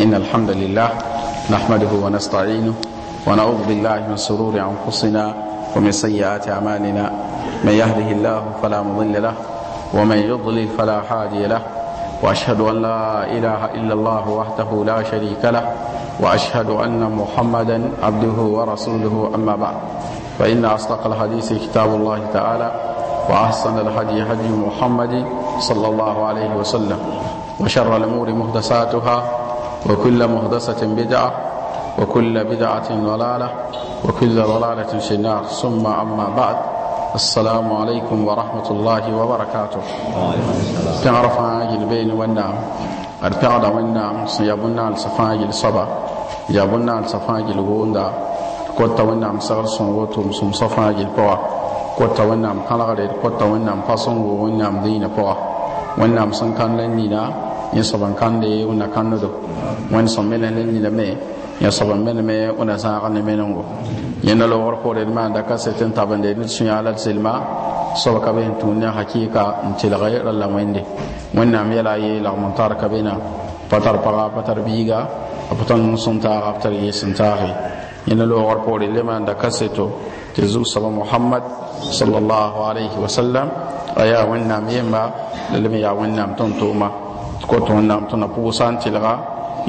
إن الحمد لله نحمده ونستعينه ونعوذ بالله من سرور أنفسنا ومن سيئات أعمالنا من يهده الله فلا مضل له ومن يضلل فلا هادي له وأشهد أن لا إله إلا الله وحده لا شريك له وأشهد أن محمدا عبده ورسوله أما بعد فإن أصدق الحديث كتاب الله تعالى وأحسن الهدي هدي محمد صلى الله عليه وسلم وشر الأمور محدثاتها وكل مهدسة بدعة وكل بدعة ضلالة وكل ضلالة في النار ثم أما بعد السلام عليكم ورحمة الله وبركاته تعرف عاجل بين والنام أرتعد والنام سيبنا السفاج الصبا يبنا السفاج الغوندا كنت والنام سغل صنغوتهم سم صفاج القوى كنت والنام خلغل كنت والنام فصنغو والنام دين بوا والنام سنكان لننا yẽ soab n kãnde wẽnna do wẽnd sẽn me ne ne me yã soab n me wẽnna zãag ne menengo yẽnda loogr koore d maanda ka set n tabende d sũ-yã la d selma soab ka be sẽn tũud ne hakɩɩka n telge ra la wẽnde wẽnnaam yɛla a yeelg m n tar ka bena pa tar paga pa tar biiga b tar nung sẽn taaga b tar yees n taage yẽnda loogr poore le maanda ka seto tɩ zug-soaba mohamad sallallahu alaihi wasallam a yaa wẽnnaam yemba ya lem yaa wẽnnaam tu tʋʋma ko tõnd na n na pʋʋs sã n tɩlga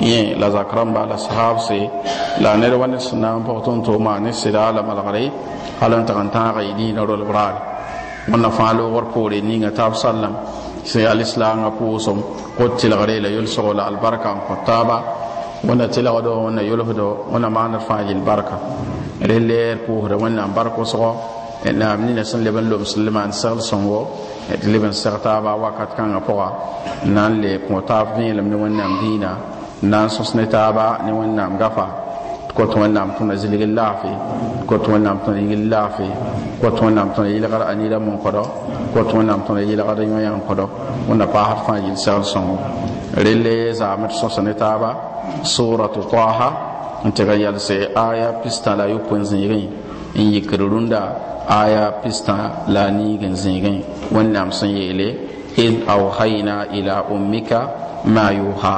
yẽ la zak rãmba la sahabse la ned wa ned sẽn na n pʋg tõnd tʋʋg maa ne sɩda la malgre hal n tag n tãaga yɩ niinã rolb raare wẽnna fãa loogr poore ninga taab sallam sẽn la la albarka n kõ taaba wẽnna tɩlgdo wẽnna mun na maaned fãa yel barka na leer pʋʋsda wẽnnaam bark wʋsgɔ naam nina le d leb n seg taaba wakat kãngã pʋga n na n le kõ taab vẽelem ne wẽnnaam dĩinã n na n sõs ne taaba ne wẽnnaam gafa d kot wẽnnaam tʋna zilgr laafɩ d kot wẽnnaam tʋna yigl laafɩ d kot wẽnnaam tʋna yɩlgr a nira mun kõdɔ d kot wẽnnaam tʋna yɩlgd yõ-yãng kõdɔ wẽnna paasd fãa yɩl seg n sõngo relle zaam d sõsa ne taaba suratu taha n tɩg n yalse aya pistã la yopõe zĩigẽ n yikr rũndã aya pista la niigin zĩigẽ wẽnnaam sẽn yeele id auhayna ila ummika ma yuha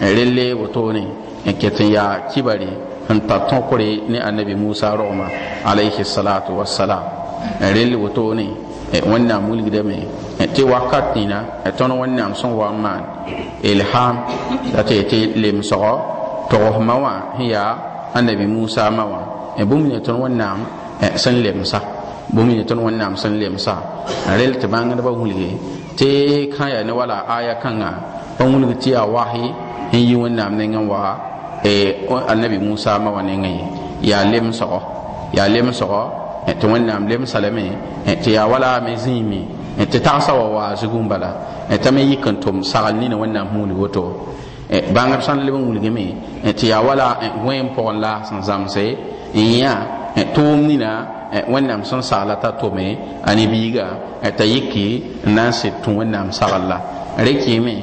relle wotone n ket n yaa kibare n ta tõkre ne annabi musa rogma alayhi salatu wassalam rell wotone wẽnnaam wilgdame tɩ wakat nina tõnd wẽnnaam sẽn wa n maan ilham la tɩ tɩ lemsgɔ togsmã wã sẽn yaa annabi musa mã wã bũmb ne tõnd wẽnnaam sẽn lemsa bũmb ne tõnd wẽnnaam sẽn lemsa rel tɩ bãngdbã wilge tɩ kã yaa ne wala aya kãngã pa wilg tɩ yaa wahi n yi wẽnnaam nengẽ wa e, annabi musa ma wa nengẽ ye yaa lemsgɔ yaa lemsgɔ e, tɩ wẽnnaam lemsa lame e, tɩ yaa wala me zĩime tɩ tagsa wa waazgu n bala tame yik n tʋm sagl nina wẽnnaam wilg woto bãngd sãn leb n wilgame tɩ yaa wala wẽn pʋgẽ la sẽn zãmse ya eh, tʋʋm nina eh, wẽnnaam sẽn sagla t'a tʋme a ne biiga eh, t'a yiki n na n sɩd tũ wẽnnaam saglla rɩk yɩme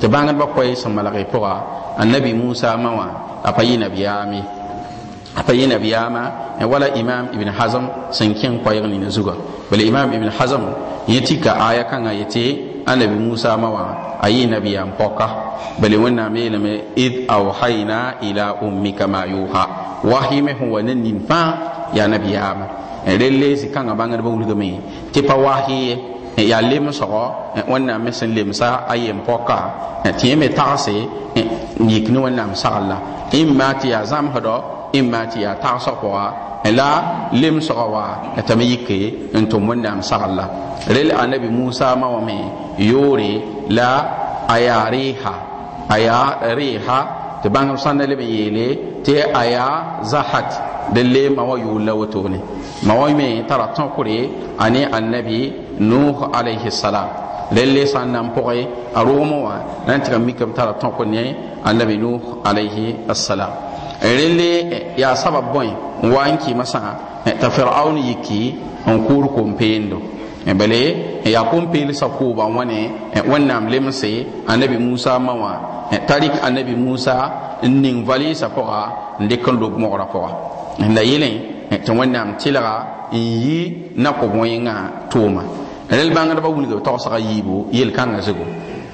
tɩ bãngdbã koɛ sẽn malge pʋga annabi musa mã wã a pa yɩ nabiyaame a pa yɩ nabiyaama wala imam ibn hazm sẽn kẽng koɛɛg nina zugã bala imam ibn hazm yẽ tika aya kãngã yetɩ annabi musa mã wã a yɩ nabiyaam pɔka bala wẽnnaam yeelame id auhayna ila ummika ma yuha wahi me fu wanin nin fa ya ma rele eh, si kanga bangar ba ga me ti pa wahi eh, ya lem so eh, wannan me sen lem sa ayem poka ti me se ni kni wannan sala imma ti ya zam hado imma ti ya so ko la lem so wa ta me yike en to wannan sala rel annabi musa ma wa me yori, la ayariha ayariha tɩ ban sãnda leb n yeele te aya zahat dẽn le ma wa yʋʋlla ne ma wa me tara tõkre a ani annabi nuh alayhi salam rẽlle san n na n pʋgẽ a roomẽ wã na n mi kam mikame tara tõk ne annabi nuh alayhi assalam rẽlle e e, ya sabab bõe n wa n e, t'a fir'auni yiki n kʋʋr pendo Eh, bale ya kun pele sakoba wane eh, wannan lemse annabi musa mawa eh, tarik annabi musa nin vali sapoga ndekan lok mora poa nda yele to wannan tilaga yi na ko moyinga toma rel bangar ba wuliga to saka yibo yel kanga zego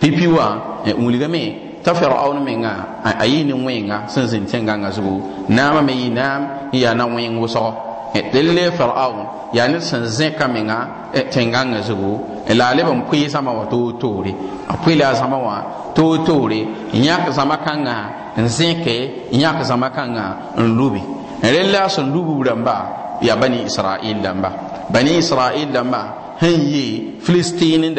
pipiwa wuliga me ta fir'aun menga ayini wenga sanzin tenganga zego nama me yi yinam ya na wengo so dille eh, fir'aun ya ni san zeka menga eh, tenganga zugo eh, la le ban kuyi sama wa to tore akwila sama wa to tore ka sama kanga nya ka sama kanga nlubi rella sun lubu ramba ya bani isra'il damba bani isra'il damba sẽn yɩ da n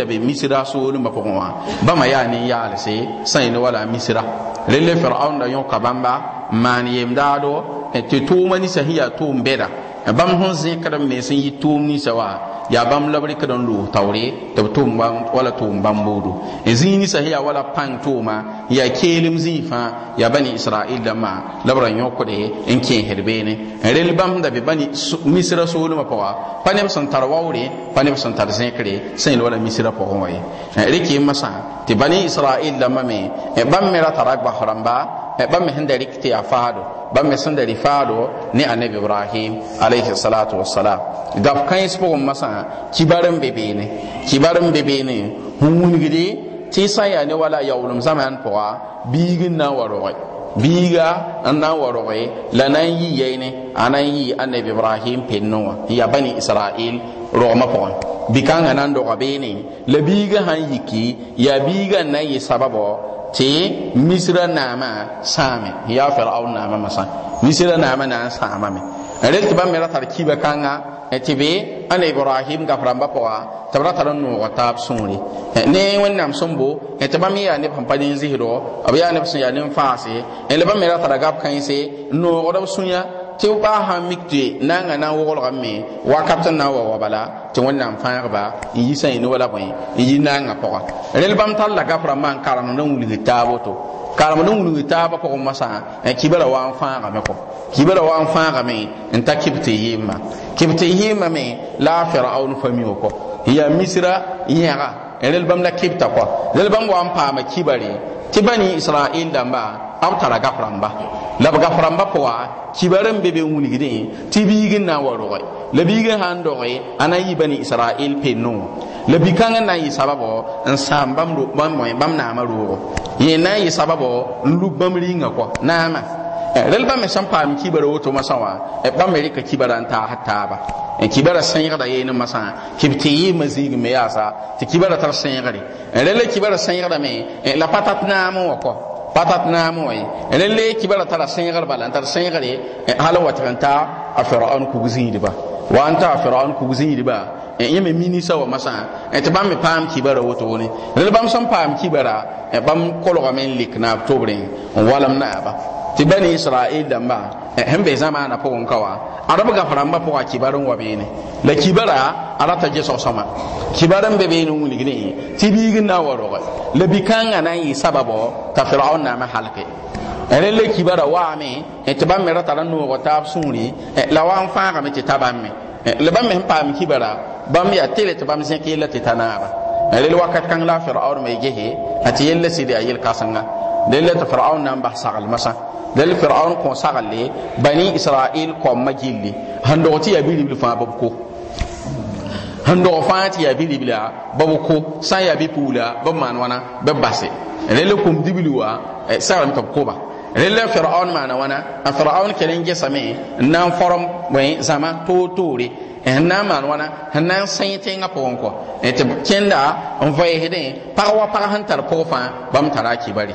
da so ni soolmã pʋgẽ ba ma ya ni ya alse sai ne wala misira rel le firaun da yon kabamba n yemdado e te to ninsã sẽn to tʋʋm Bam sẽn zẽkd me sẽn yɩ tʋʋm ninsã wã yaa bãmb la b rɩkd n loog taoore tɩ b tʋʋm wala tʋʋm bãmb boodo e zĩig ninsã sẽn yaa wala pãng tʋʋma n yaa keelem zĩig fãa yaa bani israɩl dãmbã la b ra yõkde n kẽesd beene n e rel bãmb sẽn da be bani misra soolmã pʋga pa neb sẽn tar waoore pa neb sẽn tar zẽkre sẽn yel wala misra pʋgẽ wã ye rɩk yembã sã tɩ bani israɩl dãmbã me e bãmb me ra tara gbas rãmba Eh, ba me hinda rikti a fado ba me sun da rifado ne annabi ibrahim alaihi salatu wassalam ga kan ispo masa kibarin bebe ne kibarin bebe ne hun gidi ti saya ne wala yawlum zaman poa bigin na waroi biga an na lanan la na yi yɛɩne a na yi annabi ibrahim pinnuwa ya bani israil roma pʋgẽ bɩ kan na n ne labiga han yiki ya biga nan yi sababo Ti misra naamã sami ya yaa firaun naamã masã misra naamã na n na n rel tɩ bãmb me ra tar kiibã kãnga e tɩ be a ibrahim ga rãmbã pʋga tɩ b ra wata sunri. noogã e ne wẽnnaam sẽn bo e ti bãmb yaa neb sẽn pa ne n zɩsdgɔ b yaa neb sẽn yaa ne n faase la bãmb me ra tara gab kãense n tɩ b paa sãn mik tɩ na n ã na n woglgame wakat n na n wa wa bala tɩ wẽnnaam fãagba n yi sã yĩnd wala bõe n yi nanga pʋga rel bãmb tar la gaf man n karemd n wilg taab woto karemd n wilg taabã pʋgẽ masã n kɩba ra wa n fãagame kɔ kɩba ra wa n fãagame n ta kɩb tɩ yɩɩmã kɩb tɩ yɩɩmã me la a fɛra aun fami ko kɔ yaa misra yẽga rel bam la kibta kwa rel bam wa paama ma kibare ti bani israil damba ab tara gaframba la gaframba be kibaren bebe wunigide ti bigin na waro la bigin han doye anayi bani israil penno la bikanga na yi sababo n sam bam ro bam bam na ma ro yi na yi sababo lu bam ringa kwa na ma Eh, rel bãmb me sẽn paam kibara woto masã wã eh, bãmb me rɩka kibara n taas taaba eh, kibara sẽegda yeene masã kɩb tɩ yɩɩmã ziig me yaasa tɩ kibara tar sẽegre rel la kibara sẽegdame la pa tat naam n wa kɔ pa tat naam wã ye rel le kibara tara sẽegr bala n tar sẽegre hal n wa tɩg n ta a firaun kug zĩidba wa n ta a firaun kug zĩidba yẽ me minisa wã masã tɩ bãmb me paam kibara wotone rel bãmb sẽn paam kibara bãmb kolgame n lik naab tobrẽ n walem naaba ti bani israel dãmba sẽn be zama na ka kawa arab ga faramba pʋga kibar kibaron wa bene la kibara ala ta je so sama kibaran be bene wilg ne ti bi n na waro wa la bi kan na yi sababo t'a firaun ma halke ene e la kibara ti ban bãmb ra tara noogo taab sũuri e la wa ga me ti taban me e le ban me pa mi kibara bãmb yaa tele tɩ bãmb zẽk yella tɩ ta naaba rel wakat kan la firaun me gese a ati yell la sɩd kasanga yel-kãsenga firaun na n sagal masa dal fir'aun ko sagalle bani israil ko magilli hando ti ya bilibli fa babko hando fa ti ya bilibla babko sa ya bi pula man wana babbase le kum dibilwa eh, saram ka ko ba le fir'aun mana wana a fir'aun kelen ge same nan forum wai zama to tore en eh, na man wana nan sai eh, te nga pon ko te kenda on voye hede parwa par hantar ko fa bam taraki bari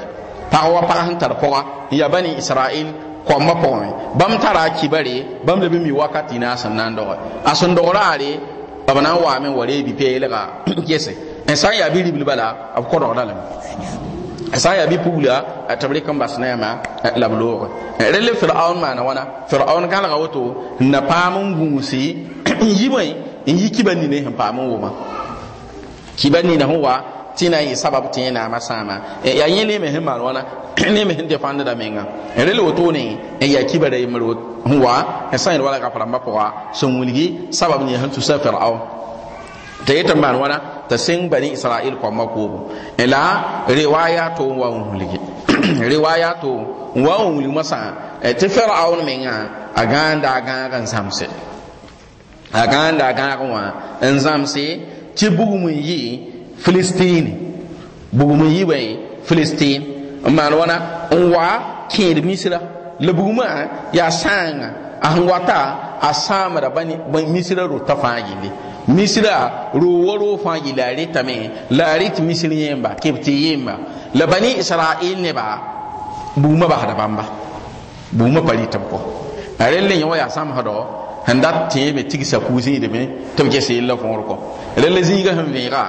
pagã wa pagã sẽn tar pʋgã n yaa bani israɩl kɔmbã pʋgẽ bãmb tara a kibare bãmb la bɩ mi wakati na a sẽn na n dɔgɛ a sẽn dɔgraare b na n waame n wa reebi peelga gese n sã n yaa bɩ ribl bala b kɔdgda lame n sã n yaa bɩ pugla tɩ b rɩk n bas neɛma la b loogẽ rel firaun maana wãna firaun gãlga woto n na paam n gũusi n yi bõe n yi kiba nine sẽn paam n wʋma kiba nina sẽn wa tina yi sababu tɩ eh, na n ma sabab tɩ yẽnaamã sãama yaa yẽ leeme sẽn maan wãna leeme sẽn dépãndda menga n eh, rel eh, ya n yaa kibara yembr sẽn wa n sã yẽd wala gap rãmbã pʋga sun wilgi sababu ne sẽn tusa fir'aun ta yi n maan wãna tɩ sẽng bani israɩl koamba koobo la riwaya tʋʋm wa n wilge riwaya tʋʋm n wa n wilg masã tɩ fir'aun menga a gan da gan n zãmse a gan da gan gãag wa n zãmse tɩ bugum mun yi. filistin bugum yi bai filistin man wana n wa kẽed misra le bugumã yaa sãnga a sẽn wata a sãamda misra rota fãa gilli misra roo-wa roo fãa gilli a rɩtame la rit rɩt misr yẽmba kɩb tɩ yẽmba la bani israɩl nebã ba basda bãmba bugumã pa rɩtb kɔ a rel le yẽ wã yaa sãmsdɔ sẽn dat tẽeme tigsa kuus yɩɩdme tɩ b ges yella võor kɔ rel la zĩiga sẽn vẽega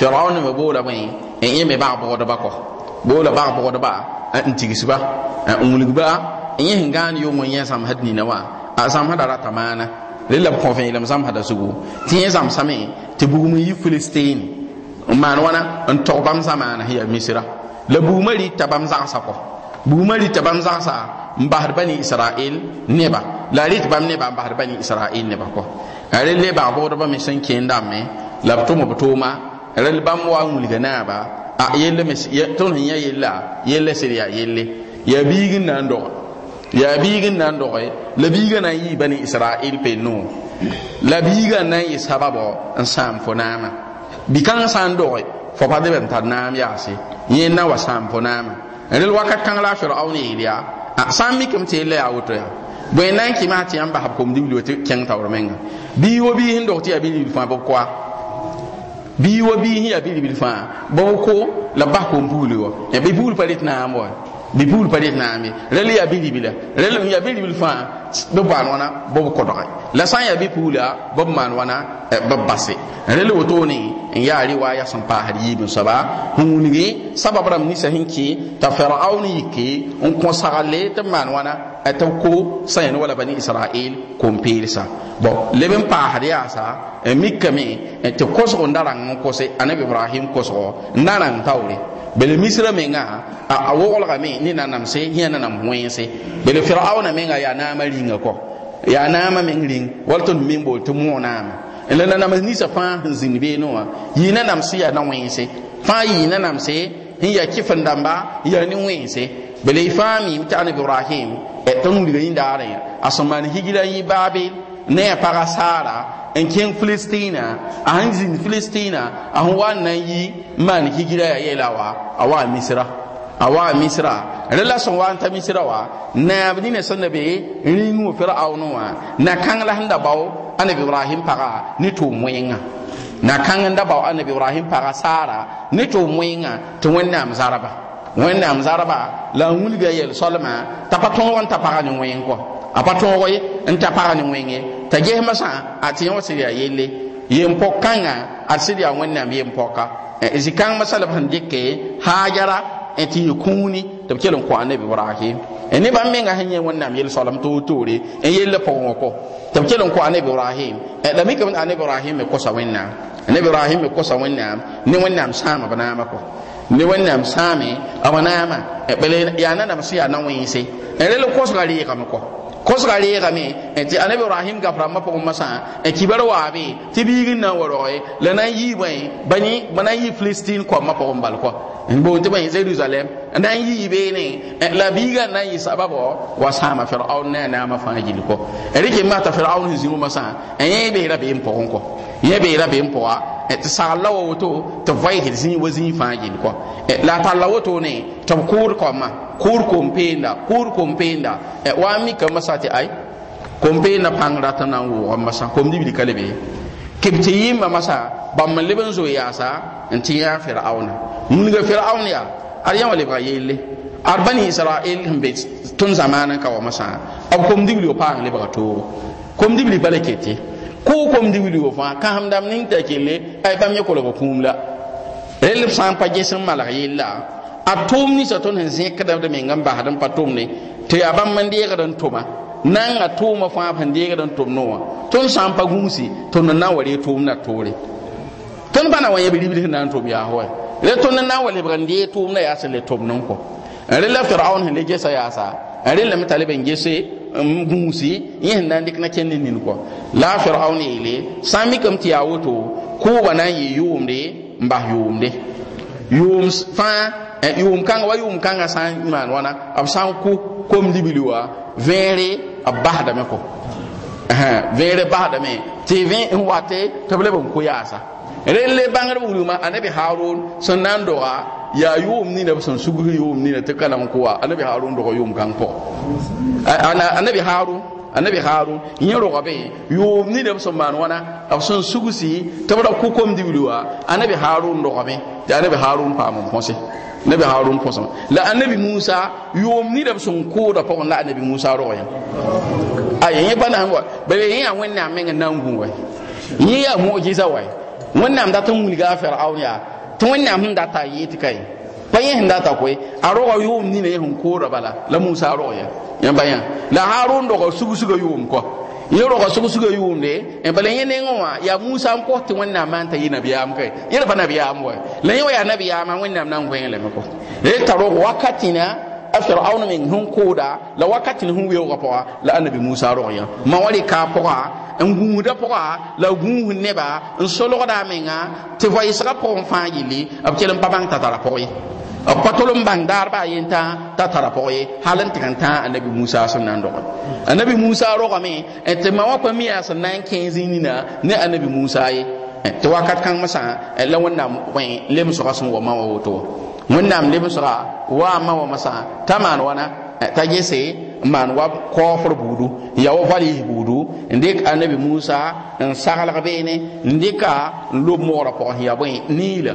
firaun me bola en boola bõe n yẽ me bãg bʋgdba kɔ boola bãg bʋgdba n tigsba n wilgba n yẽ sẽn gãan yʋʋng n yẽ zãmsã d nina a sam hada rata maana lilla ko fe ilam sam hada sugu ti tɩ sam same tɩ bu mu yi filistine n maan wãna n tog bãmb zamaana sẽn yaa misra la mari tabam za sa ko bu mari tabam za sa mbahar bani israel neba la rit bam neba n basd bani israel neba ko rel le ba bo bãg bʋgdbã me sẽn kẽendame me b tʋm b tʋʋma rel bam wa wulga naaba a yelle mes ton hin ya yella yelle sir ya yelle ya biigin nan do ya biigin nan do la biiga nan yi bani israil pe no la biiga nan yi sababo an sam fo nama bi kan san do fo pa de ben tan nam ya se yin na wa sam fo nama rel wakat kan la fir'aun ya e a sam mi kem te le ya wuto ya boy nan ki ma ti am ba hab kom dibli wote keng tawr menga bi wo bi hin do ti abi ni fa bo kwa bi wa bi hiya bil bi fa bawko la ba ko bulu wa ya bi bulu palit na amwa bi bulu palit na ami rel ya bil bila rel ya bi bil fa bɩ b baan wãna bob kodge la sã n yaa bɩ puula bob maan wãna eh, bob base rel wotone n yaa riwaya sẽn paasd yiib soaba sẽn sabab rãmb ninsã sẽn kɩ t'a firaun yike n kõ sagle tɩ b maan wãna eh, tɩ ko sã yẽnd wala bani israel kom-peelsã bɔ leb n paasd yaasa n mikame tɩ kosg n da rãng n kose anabi ibrahim kosgo n da rãng taoore bele misra menga a woglgame ne nanamse yẽ nanam wẽense bele menga ringa ko ya nama min ring wal tõnd meŋ bool tɩ na naama ni sa fa zin be no wa yi na nam sẽn ya na-wẽense fãa yɩɩ nanamse n yaa kɩf n dãmba n yaa ne wẽense bele y fãa ta tɩ anabi ibrahim tõnd wilga yĩndaarẽ yã a sẽn maan higra yɩ baabel ne ya para sara en kin filistina a hanzin filistina a sẽn wa yi na n yɩ n maan higra wa a wa misra awa wa misra relation wa ta misra wa na abdi ne sanna be rinu fir'aunu wa na kan la handa bawo annabi ibrahim paga ni to moyenga na kan da bawo annabi ibrahim paga sara ni to moyenga to wannan zaraba wannan zaraba la wuli ga yel solma ta paton won ta paga ni moyen ko a paton woye in ta paga ni moyen ta ge masa a tiyan wasiriya yele yen pokanga a siriya wannan yen poka zikan eh, masala ban dikke hajara n tɩ yɩ kũuni tɩ b kell n kõ a nabi ibrahim ne bãmb menga sẽn yẽ wẽnnaam yel-soalem toor-toore n yell pʋgẽ wã kɔ tɩ b kell n kõ a nabi ibrahim la mi kam a ibrahim me kosa wẽnnaam a nabi ibrahim me kosa wẽnnaam ne wẽnnaam sãama b naama kɔ ma, wẽnnaam sãame b naama bala yaa nanam sẽn yaa na e, wẽnse n e, kosga me eh, ti anabi ibrahim gaf rãmbã pʋgẽ masã n eh, kibar waabe tɩ biigr n na n wa roge eh. la na n yɩɩ bõe ba na n filistin koamã pʋgẽ n bal ko n boon tɩ Jerusalem, nan yi na n yɩɩ beene la biigã n na n yɩ sababɔ wa sãama firaun na na naamã fãa ko kɔ rɩke mas t'a firaun sẽn zĩgu masã n yẽ beera been pʋgẽ kɔ yẽ beera been pʋga ti sagl la wa to tɩ vɛɩsd zĩig wa zĩig fãa gill kɔ la ta tall la wotone tɩ b ko ma kur kompenda kur kompenda e eh, wa mi ka masati ai kompenda pang tana wo masa kom dibli kalebe kibti yimma masa bam leben zo sa. nti ya fir'auna mun ga fir'auna ya aryan wale ba yelle arbani israel himbe tun zamanan ka wa masa ab kom dibli yo pang le ba to kom dibli balakete ko kom dibli yo fa ka hamdam nin kele ai bam ye ko kumla rel san pa jesan malak yella a tʋʋm ninsã tõnd sẽn zẽkdame kada n basd n pa tʋmde tɩ yaa bãmb n deegd n tʋma nanga tʋʋmã fãa sẽn deegd n tʋmd wã tõnd sã n pa gũusi tõnd n wa ree tʋʋm na toore tõnd pa na wa yãb ribd sẽn na n tʋm yaas wa tõnd n na wa lebg n dee tʋʋm na yaa sẽn le tʋmd n kɔ rẽ la firaun sẽn le gesa yaasa n rẽ lame t'a leb gese n gũusi yẽ na n dɩk na kẽnd nin kɔ la a firaun yeele sã n mikame tɩ yaa woto na n yɩ yʋʋmde n bas yʋʋmde yʋʋm e, kãng wa yʋʋm kãngã sã n maan wãna b sã n kʋ kom libli wa vẽere b basdame kɔ vẽere basdame tɩ vẽ n watɩ tɩ b leb n kʋ yaasa rel le bãngr wilgma a nebi haron sẽn na n doga yaa yʋʋm nina b sẽn sugsd yʋʋm nina tɩ ka la n kʋ wa a nebi haron dog yʋʋm kãng pʋgẽ a nebi haron annabi harun yẽ rogbe yʋʋm ni neb sẽn maan wãna b sẽn sugsi tɩ b ra kʋ kom dibli wa annabi harun rogme tɩ annabi harun paam n põse nabi harun põsem la a musa yoom nidã b sẽn kooda pʋgẽ la a musa rog ye aya bana pa na wa ba be yẽ yaa wẽnnaam meng n na n gũ wa yẽ yaa mogisa wa wẽnnaam dat n wilga a firaun ya tɩ wannan sẽn da ta yi tikai ka ye da ta koi a roga ni ne hun ko da bala la musa rog yan bayan pa yã la harun su su ga yom kɔ yero ga sugu sugu yumde en balen yene ngwa ya musa an porte wannan man ta yina biyam kai yero bana biyam wa la yawa ya nabi ya ma wannan nan ko yele mako e taro wakati na after auna min hun koda la wakati hun wiyo ga poa la annabi musa roya ma wari ka poa en gumuda poa la gumu neba en solo da menga te voyisra pour en fa yili abkelam babang tatara poa qatolum bangdar ba yenta ta tara poye halan tikanta annabi Musa sunan dogo annabi Musa rogo me et mawa wa pa mi asan na ne annabi Musa yi to wakat kan masa la wannan kwen lem so kasun wa mawa woto wannan lem so wa mawa wa masa taman wana eh, ta gese man wa kofr budu ya wa fali budu ndik annabi Musa n sagalga bene ndika lu mo ko ya ni nila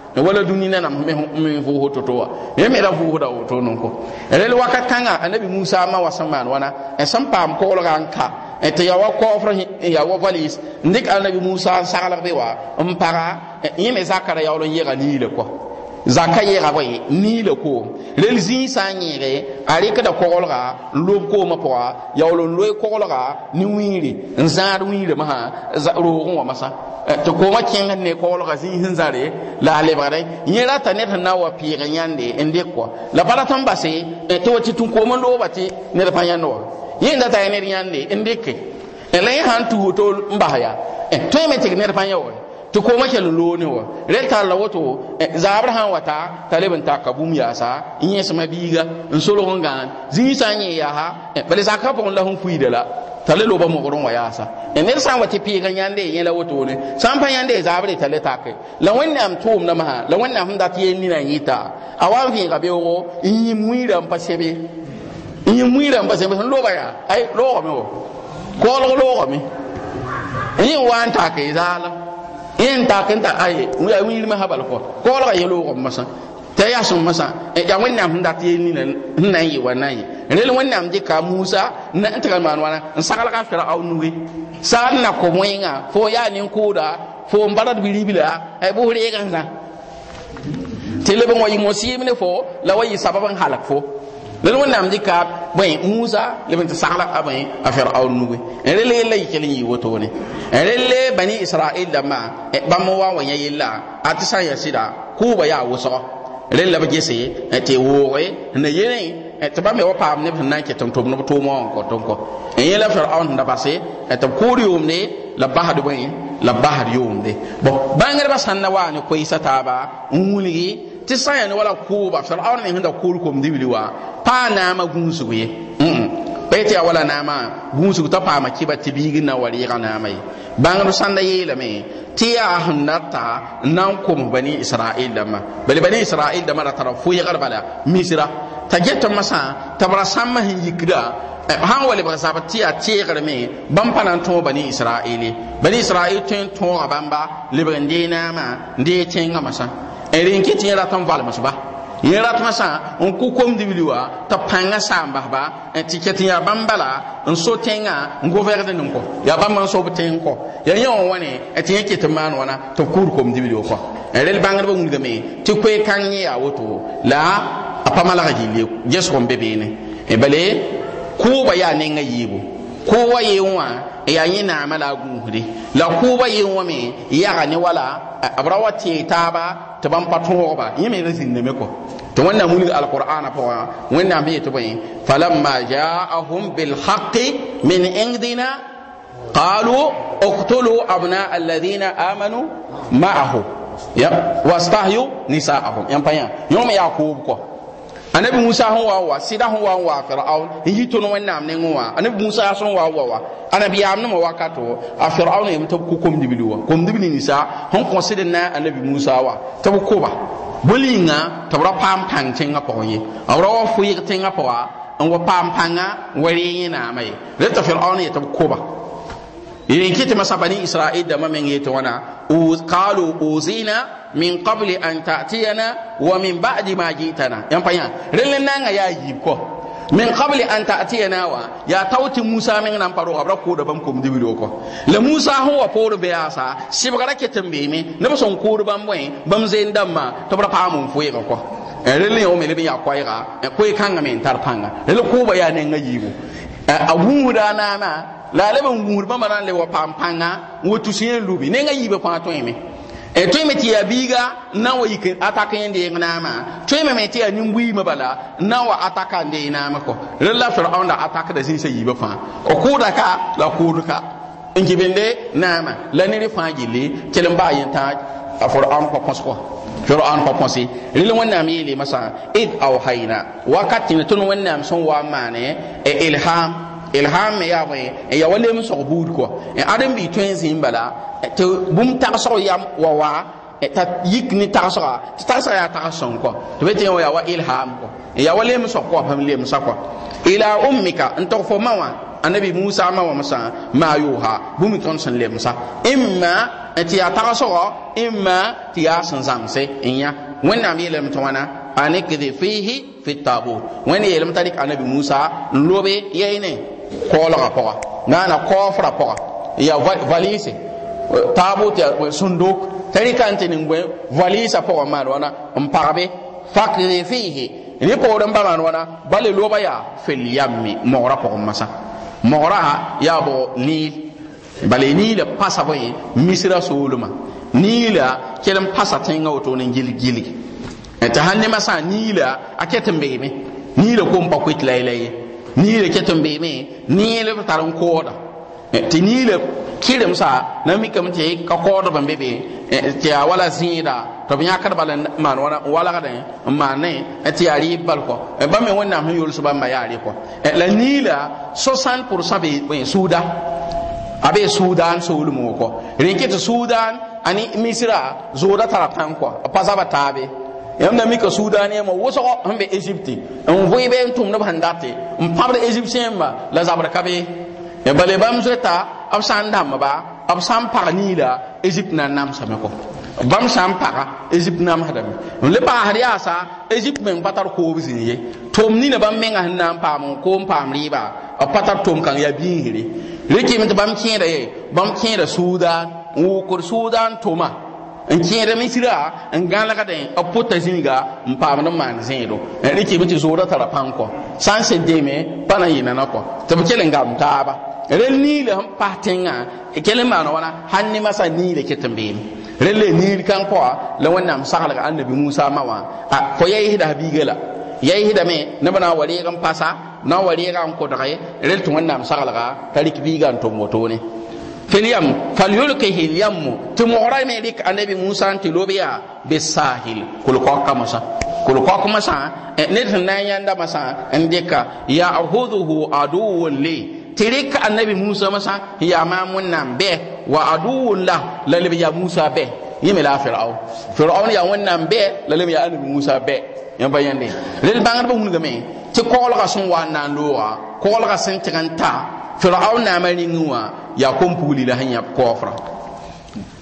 wala duni na me fo hoto to wa me me da fo hoda to non ko rel wakat kanga anabi musa ma wasaman wana e sam pam ko lo ranka e te yawa ko ofra ya wa valis ndik annabi musa ala be wa mpara e me zakara yawlo yega ni le ko zaka zakã yɛgbre niila koom rel zĩig sã n yẽege a rɩkda koglga n lob koomã pʋga yaool n loe koglga ne wĩire n zãad wĩire masã roogẽ wã masã tɩ koomã kẽngd ne koglga zĩig sẽn zare la a lebgre yẽ rata ned sẽn na wa pɩɩg yãnde n dɩk kɔa la pa ratɩ n base eh, tɩ wa tɩ tɩ n koom n looba tɩ ned pa yãnd wa yẽ data e eh, ya ned eh, yãnde n dɩke la yẽ sã n tuus tol n e bas yaa tõeme tɩg ned pa yã tɩ koma kell loone wa rel eh, eh, la woto zaabr sã n wa ta t'a leb n taka bũmb yaasa n yẽsma biiga n solg n gãan zĩig sã n yẽ yaasa bala zakã pʋgẽ la sẽn kuiida la t'a le loba mogr n wa yaasa ned sã n wa tɩ pɩɩga yãnde yẽ la wotone sã n pa yãnde zaabre t'a le take la wẽnnaam tʋʋmdã masã la wẽnnaam sẽn dat yeel nina n yɩta a wa n vẽega beoogo n yĩ muiirã n pa sebe n yĩ muiirã n pa sebe sẽn loba yaa ay loogame wa koolg loogame yẽ wa n take zaala yin ta kan ta aye mu ya wi ma habal ko ko la yelo ko masa ta ya sun masa e, ya wannan mun da tiye ni nan yi nan yi rel wannan je ka Musa na ta man wana n sakal ka fira au nuwe san na ko moyinga fo ya nin koda fo bi mbarad bilibila ay e, bu re kan na tele bon wayi ngosiyim e ne fo la wayi sababan halak fo la wẽnnaam dɩka bõe musa lebn tɩ saglga bõe a firaun nuge n rel yella yikl n yɩ wotone n rel bani israil dãmbã bãmb wa wa yã yella a tɩ sã n yaa sɩda kʋʋba yaa wʋsgɔ rel la b gese tɩ wʋʋge n na yele tɩ bãmb me wa paam neb sẽn na n ket n tʋm neb tʋʋmã wã n kõ tɩn kɔ n yẽ la firaun sẽn da base tɩ b kʋʋr la basd bõe la basd yoomde bõn bãngdbã sãn na waa ne taaba n wilgi ti sã ni ne wala kooba b fir'aun ne sẽn da ko kom dibli wa paa naama gũusg ye pa mm. yetɩ yaa wala naama gũusg t'a paama kɩba tɩ biig n na wa rɩɩga naama ye bãngd sãn da yeelame tɩ yaa sẽn nata n na n koms bani israɩl dãmbã bale bani israɩl dãmbã ra tara foɩgr bala misra t'a get masã t'a b ra sãmba sẽn ha sãn wa lebg zab tɩ yaa teegrme bãmb pa na n tõog bani israɩle bani israɩl tõe n tõoga bãmba lebg n dee naamã n dee tẽngã masã ren kɩ tɩ yẽ ratã n valemsba yẽ ratmã sã n kʋ komdibli wa tɩ pãngã saam basba tɩ ket n yaa bãmb bala n so tẽngã n govɛgd nim kɔ yaa bãmbã n sob tẽng kɔ yaa yẽ wã wãne tɩ yẽ ket n maan wãna tɩ b kʋʋr komdibli wã kɔ rel bãngdbã wingdame tɩ koe kãng yẽ yaa woto la a pa malga gilli gesg n be beene e bale kʋʋba yaa nengã yiibu kʋʋ wa yee wã ya yi na mala guhuri la kuba yi wame ya gani wala abrawa ta ba ta ban patuwa ba yi mai rizin da meko to wannan muni alqur'ana fa wannan bai to bai falamma ja'ahum bil haqqi min indina qalu uqtulu abna alladhina amanu ma'ahu ya wastahyu nisa'ahum yan fanya yom yaqub ko anabi musa sẽn wa wa sida sẽn wa wa waa firaun n yi wani wẽnnaam neng wa anabi musa sẽn wa wa wa anabiyaam wa ka to a firaun yem tɩ ku kom dibi wa sa ninsã sẽn kõsd n na anabi musa wa tɩ b koba bõn-yĩngã tɩ b ra paam pãng tẽngã pʋgẽ yi b ra wa fʋɩɩg tẽngã pʋga n wa pam pam na wari yi na mai le tɩ firaun yetɩ ko koba yin ta masa bani isra'il da mamin yi wana qalu uzina min qabli an ta'tiyana wa min ba'di ma jitana yan fanya rilin nan ya yi ko min qabli an ta'tiyana wa ya tauti musa min nan faro abra ko da bam kum dibilo ko la musa ho wa poro be asa sibgara ke tambe mi ne son ko ban boye bam zain damma to bra pamun fuye ko eh, rilin o me bi ya kwaira eh, ko kan ga men tar panga rilin ko ba ya ne bu eh, a wuda nana la le ban gungur ba manan le wa panga wo tu sin lubi ne nga yibe kwa to yeme e to yeme ti abiga na wa yike ataka yende na ma to yeme me ti ani ngui ma bala na wa ataka nde na ma ko la fir'aun da ataka da sin se yibe fa o ko da ka la ko ka ki bende na ma la ne fa gile kelin ba yin ta a an ko ko an ko e. le wonna mi le masa id auhayna wakatɩ na wonna am sẽn wa mane e ilham ilham me ya we e ya wale mu so buud ko e adam bi twen zin bala te bum ta so yam wa wa ta yik ni ta so ta so ya ta so ko to be te ya wa ilham ko e ya wale mu so ko pam le mu sa ko ila ummika nto fo mawa annabi musa ma wa masa ma yuha bumi ton san le musa imma ti ya ta so imma ti ya san zam se inya wannan mi le mutwana anikdi fihi fi tabu wani yelam tarik annabi musa lobe yayne koolgã pɔgɔ, naana koofra pʋga ya valise taabut ya sunduk t'a rɩka n tɩ ning bõe valiisã pʋgẽ maan wãna n pagbe fakre fiihi rẽ poor n ba maan wãna bale loba yaa fel yammi mogra pʋgẽ ya mogra yaa bʋg niil bale niilã e pasa bõe misra soolmã niilã kell n pasa tẽngã wotone n gilg-gilg e tɩ ma, nemã sã niilã a ket n beeme niilã e kom pa koet la ye la ye niile ket eh, eh, n beeme niile b tar n kooda tɩ niile kɩremsa na mikame tɩ ka koodb n be be tɩ yaa wala zĩida tɩ b yãkd bala n maan walgdẽ n maan ne tɩ yaa rɩɩb bal kɔ bãmb me wẽnnaam sẽn yols bãmba yaa rɩ kɔ la niila 60 pourcent bɩ suuda a bee suudaan soolum wʋkɔ rẽn kɩ tɩ suudaan a ne misra zooda tara pãn kɔ pa zaba taabe yãmb na mika sudaniyãmã wʋsgɔ sẽn be egipte n vɩɩbe n tʋmd b sẽn date n pãbd egipsiyẽmbã la zabr ka be bale bãmb zoeta b sã n dãmbba b sã n pag la egipt na n namsame kɔ bãmb sã n paga egipt namsdame le paasd yaasa egipt meng pa tar koob zĩn ye tʋʋm nina bãmb menga sẽn na n paam n koom paam rɩɩba b pa tar tʋʋm kãng yaa biisre rɩkɩm tɩ bãmb kẽeda ye bãmb kẽeda sudan n wʋkd sudan tʋma n kẽeda misra n gãlgdẽ a pʋta zĩiga n paamd n maan zẽedo rẽ kɩ b tɩ zoorã tara pãn kɔ sã n sẽn deeme pa na yɩna na kɔ tɩ b kell n gam taaba rel niila sẽn pas tẽngã kell n maana wãna sãn nemã sã niile ket n beeme rel le niir kãng pʋa la wẽnnaam saglga annabi musa mã wã fo ya yɩsda biiga la ya yɩsdame neb na n wa reeg n pasa na n wa reega n kodge rel tɩ wẽnnaam saglga t'a rɩk biiga n tʋm wotone فليم فليلقه اليم تمغرى ملك النبي موسى انت لوبيا بالساحل كل قوقا مسا كل قوقا مسا إيه، نيت نايا ندا مسا انديكا يا اخذه عدو لي تريك النبي موسى مسا يا ما نام به وعدو الله للي يا موسى به يملا فرعون فرعون يا firaun به للي bɛ la lem yaa anabi musa ريل بانغ بو yẽnde تي bãngdbã wilgame tɩ koglga sẽn wa n fir'aun na mari ngwa ya kom puli la hanya kofra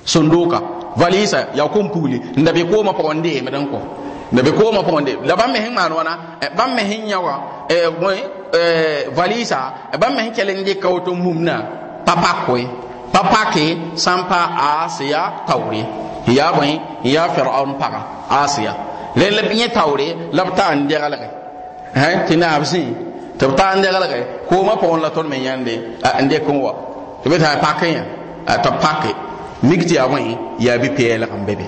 sunduka valisa ya kom puli ndabe ko ma ponde madan ko ndabe ko ma ponde la bam me hinman wana e, bam me hinya wa e, e, valisa bam me hinkelen de kawto mumna papa ko papa ke sampa asia tawri ya boy ya fir'aun paga asia le tawri tɩ b taa n dɛglge koomã pʋgẽ la tõnd me yãnde n dɩk n wa tɩ b tɩ pakẽ yã tɩ b pake mik tɩ yaa wẽ yaa bi-pɛɛlg n be be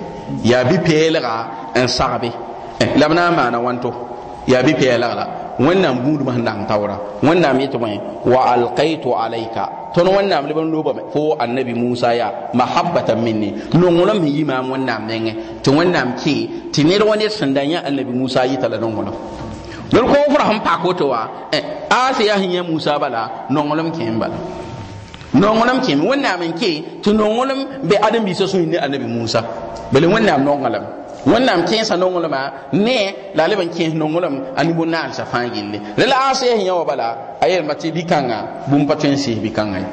yaa bi-pɛɛlga n sagbe la eh, b na n maana wãn to yaa bi-pɛɛlg la wẽnnaam bũudmã sẽn dãng taoora wẽnnaam yetɩ wẽ wa alkaitu alayka tõnd wẽnnaam leb n loobame fo annabi musa yaa mahabatan minni nonglem sẽn yi maam wẽnnaam nengẽ tɩ wẽnnaam ke tɩ ned wa ned sẽn da yã annabi musa yɩta la nonglem dol ko fura han pa ko to eh ase ya hinya musa bala non nongolam kin bala non nongolam kin wannan amin ke to nongolam be adam bi so sun ne annabi musa bale am non wannan nongolam am kin sa non nongolama ne la leban kin nongolam ani bonna al sa fangille le la ase ya hinya wa bala ayel mati bikanga bum patensi bikanga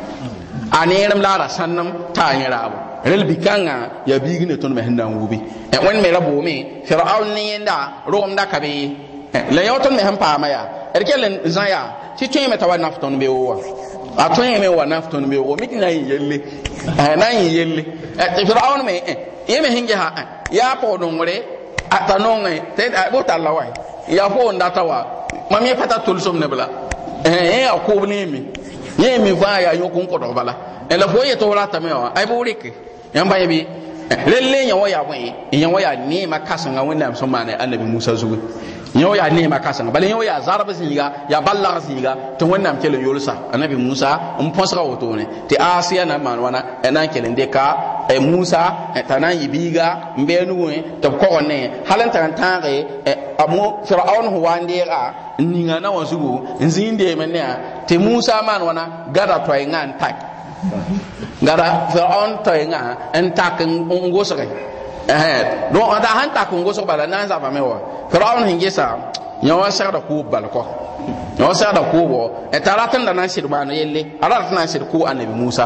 aneerem la ra sannam ta yirawo rel bikanga ya biigne ton me hinda wubi e eh, won me rabo me fir'aun ne yenda rom da kabe la yaotin me hampa ma ya erkelen zaya ti tun me tawa nafton be wo a tun me wa nafton be wo miti na yelle na yelle e fir'aun me e, yi me hinge ha e. ya po don wore ata non e te bo ta lawa e. ya po nda tawa ma mi fata tul som ne bla eh ya ko ni mi ye mi va ya yo kun ko do bala e la fo ye to la ta me wa ai bo rike yamba ye bi lele ya ya ya ni ma kasanga annabi musa zuwe yõ ya neema kãsenga bala yõ ya zarb zĩiga ya ballg zĩiga tɩ wẽnnaam kell n yolsa anabi musa n põsga wotone tɩ asiya na man wana wãna e na n kell n e musa e t'a na n yɩ biiga n bɛɛ ne hal n tar n tãage firaun sẽn wa n deega n ninga na wã zugu n zĩig deeme ne a musa man wana gada toɛɛngã n tak gada firaun toɛɛngã n tak n eh don ada han ta kun goso bala nan za ba mewa firawun hin gesa ya wa sa da ku balko ya wa sa da ku bo e taratan da nan shirba na yelle ala tan nan shirku annabi Musa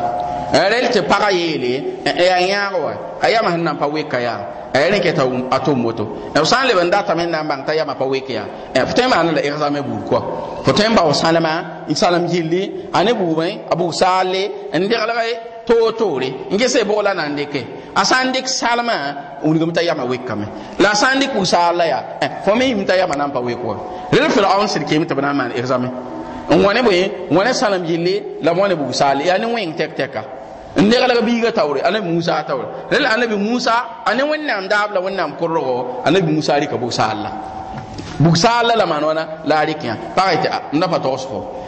e rel te paga yele e, e ya yawa aya ma nan pa weka ya e ne ke ta um, atom moto e san le banda ta men nan ban ta ya ma pa weka ya e futai ma nan da e exame bu ko futai ba wa salama in salam jilli ane bu bai abu sale en de galai toore nge se a nan deke asandik salma unigum ta yama wekame la sandik usala ya eh, fo me ta yama na nan pa wekwa rel fil aun sir kemi ta bana man examen ngwane boye ngwane salam jille la ngwane bu usala ya ni wen tek teka ndega la biiga tawre anabi musa tawre rel anabi musa ane wennam dabla wennam korrogo anabi musa ri ka bu usala bu usala la man wana la rikya pa ite ah, na pa tosfo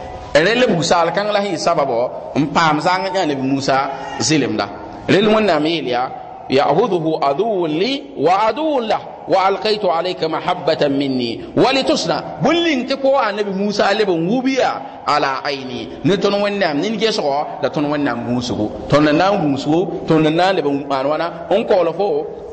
rel busa al kang la hi sababo um pam zang ya musa zilimda rel wonnam yel ya ya'khudhuhu aduwwun li wa aduwwun lahu wa alqaitu alayka mahabbatan minni wa litusna annabi musa lebon wubiya ala aini ne ton wannan nin ke so da ton wannan musugo ton nan musugo ton nan lebon an wana on ko lo fo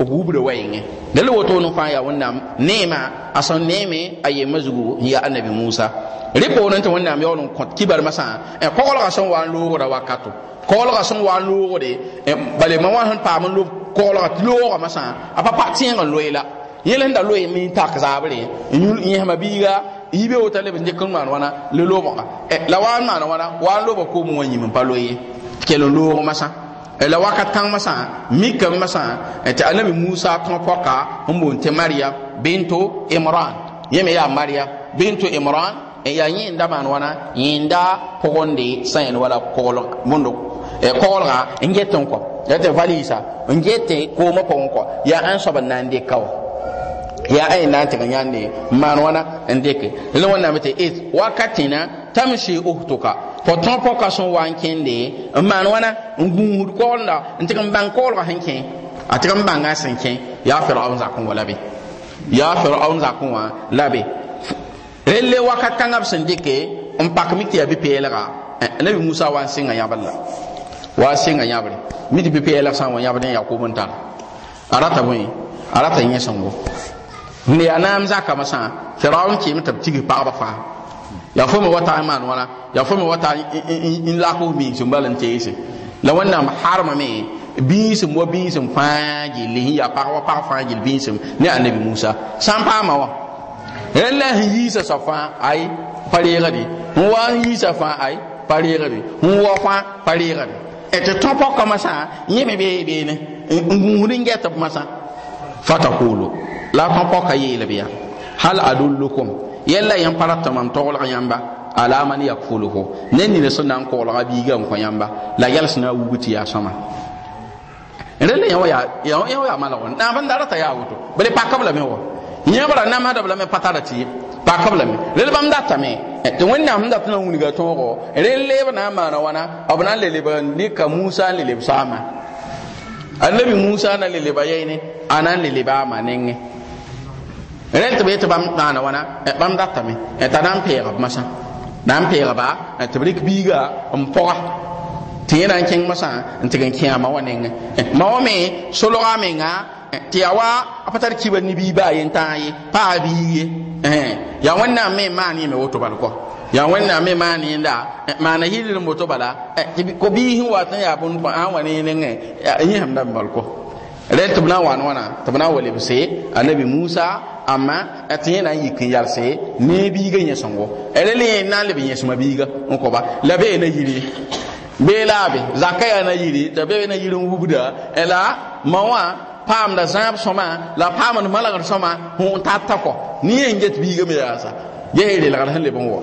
o wubude wayne dal woto no fa ya wannan nema asan neme ayi mazugo ya annabi musa ripo nan ta wannan yawon kon kibar masa e ko lo asan wan lo yele sẽn da loe me tak zaabre yi ma biiga yibe wota leb n dɩk n maan wana, le e la wa n maana wãna wa n loba koom wã yĩm n ke lo lo n loogmã sã e, la wakat kãngmã sã mikame sã tɩ anabi musa tõg foka n boond tɩ mariam binto imran yẽ me y'a mariam binto imran n e yaa yẽnda maan wana yẽnda pʋgẽnde sã yẽnd wala bõnd koglga n get n ko ya tɩ valisa n get koomã ko kɔ yaa ãn soab n na n dɩka wa ya ayi na tiga ne man wana ndeke le wana mete eh, it wakatina tamshi uhtuka fo ton po ka son wan kende man wana ngun ko la ntiga ban ko la hanke atiga ban ga sanke ya fir'aun zakun wala be ya fir'aun zakun wa labe relle wakat kan absin dike on pakmi ti abi pelga eh, nabi musa wan singa ya balla wa singa ya balla midi bi pelga san wan ya balla ya ko mun ta arata bun arata yin sango ne ya naam zaka masã firaun kɩɩm tɩ b tigi pagba fa. Ya fo me wa taa n maan wãna yaa fo me wa taa n laak La biig sẽn bala n teese la wẽnnaam harmame bĩisem wa bĩisem fãa gilli sẽn yaa pagba pag fãa gill bĩisem ne a nebi musa san n wa, wã rẽ la sẽn yiisa sa fãa ay pa reegde n wa n yiisa fãa ay pa reegde n wa fãa pa reegde te tõ pɔkã masã yẽ me be be ne ngun n get b masã la tõn pɔka yeelb ya hal adullukum yɛlla yẽn pa rab tɩ toglg yãmba ala man yakfuluhu ne nina sẽn na n koglga biiga n kõ yãmba la yɛls na a wugu tɩ yaa sõma rẽl yẽ wa yaa malg naab n da rata yaa woto bele pakb lame wa yẽbra namsdb lame pa tara tɩ pakb lame rel bãmb datame tɩ wẽnnaam sẽn dat na n wilga tõogo rẽl leeb na n maana wãna b na n le leb dɩka musa n le leb saama annabi musa na le leba yɛɩne a na n le leba nengẽ rẽl tɩ b yetɩ bãmb dãana wãna e bãmb datame t'a na e e n pɛɛga b masã na n pɛɛgba tɩ b rɩk biiga n pʋga tɩ yẽ na n kẽng masã n tɩg n kẽa ma wa nengẽ ma wa me solga menga tɩ yaa wa a pa tar kiba nibii baa yentãag ye paa biig ye yaa wẽnnaam me n maan yẽ me woto bal kɔ ya wannan mai mani da mana hilin mutu bala ko bihin watan ya bun an wani ne ne yin hamdan kɔ. rẽd tɩ b na n waan wãna tɩ b na n wa lebse anabi musa amma tɩ yẽ na n yik n yalse ne biiga yẽsengo rel yẽ na n leb yẽsema biiga n kɔba la bee na yiri bee la a be zakã na yiri t'a bee na yiri n wubda la ma wã paamda zãab sõma la paamd malgd sõma n tata kɔ ne yẽ n get biiga me yaasa yaa ye relgd sẽn leb n wa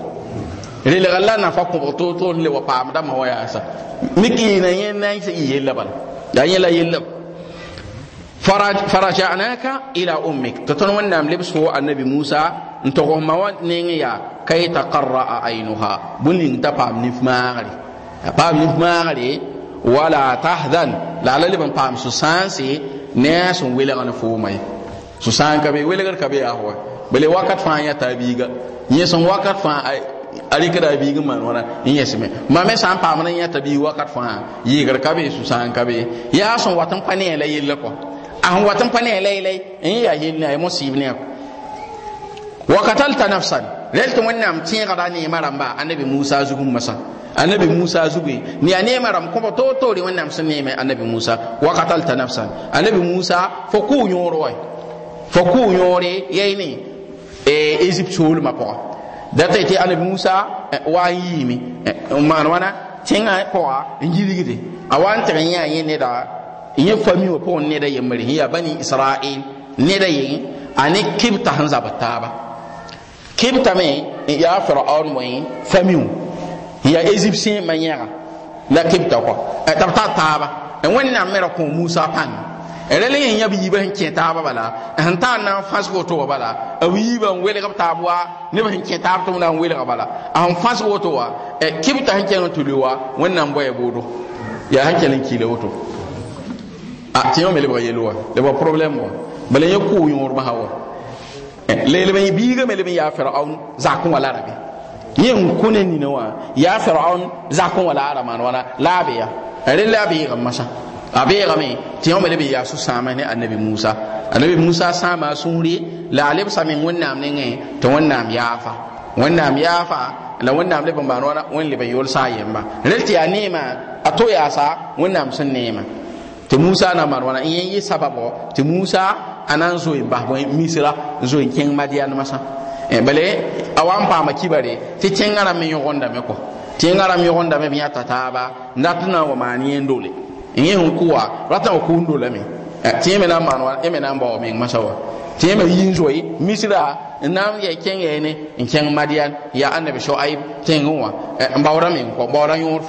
relga la nafa kõbg toor-toor sẽn le wa paamdãmbã wa yaasa mikɩ yɩ na yẽ na n yella bala yaa yẽ la yellame farajanaka ila ummik to ton annabi musa ntogo ma ya kay taqarra aynuha bunin ta pam ni fmaari pam ni fmaari wala tahzan la la liban pam su sansi ne sun mai su san ka be ka be wakat fa ya tabiga ni sun wakat fa ari kada bi wana in me ma me san pam ya tabi wakat fa yi gar ka be su san ka be ya sun watan la yilla ko an watan fane ne lai lai in ya yi ne mo sib ne wa qatalta nafsan lel to wannan tin gara ne annabi Musa zugun masa annabi Musa zubi ni ya ne maram ko to to ri wannan sun ne mai annabi Musa wa qatalta nafsan annabi Musa fo ku nyoro wai fo ku nyore yayi ne e Egypt sul ma po da ta ti annabi Musa e, wa yi e, man wana tinga po gidi awan tan ya yin ne da yi fami wa pon ne da ya ya bani isra'il ne da yi ani kibta hanza ba kibta me ya fir'aun mo yi fami ya egyptien manyara la kibta ko tabta taba e wani na mera ko musa pan e rele yin yabi yiban ke ba bala e han ta na fasgo to bala awi ba wele ka tabwa ne ban ke tab to na wele ka bala an fasgo to wa kibta han ke no tuluwa wannan boye bodo ya hankelin kile wato a ah, ti yõ me lebga yel wa lebga problɛm wa bala yẽ kʋʋ yõormã ha wa la eh, leb n biigame leb n yaa firaun zakẽ wa la Yin yẽ n kõ ne nina wã yaa firaun zakẽ wa la eh, a ramaan wãna la a beya rel la a beegame masã a beegame tɩ yõ me leb n yaa sũ-sãama ne annabi musa annabi musa sãama sun sũuri la a lebsa meng wẽnnaam nengẽ tɩ wẽnnaam yaafa wẽnnaam yaafa la wẽnnaam leb n baan wãna wẽn leb n yool sã a yemba rel tɩ yaa neema a to ya yaasa wẽnnaam sẽn nema. tɩ musa na n maan yi yẽ yɩ musa a zo in zoe n bas bõe misra n zoe n kẽng madianmã sã eh, bale a wa n paama kibare tɩ tẽngã rãmb yõgendame kɔ tẽngã rãmb yõgendame b yãta taaba n dat na n wa maan yẽ dole n yẽ n kʋa ratã wa kʋʋn dolame tẽ me na n maan me na bawo baoo masa masã wa tẽ me yi n zoe misra n na n yɛ kẽng yɛɛne n madian ya annabi soaib tẽng wã n baoodã meng kɔ baoodã yõor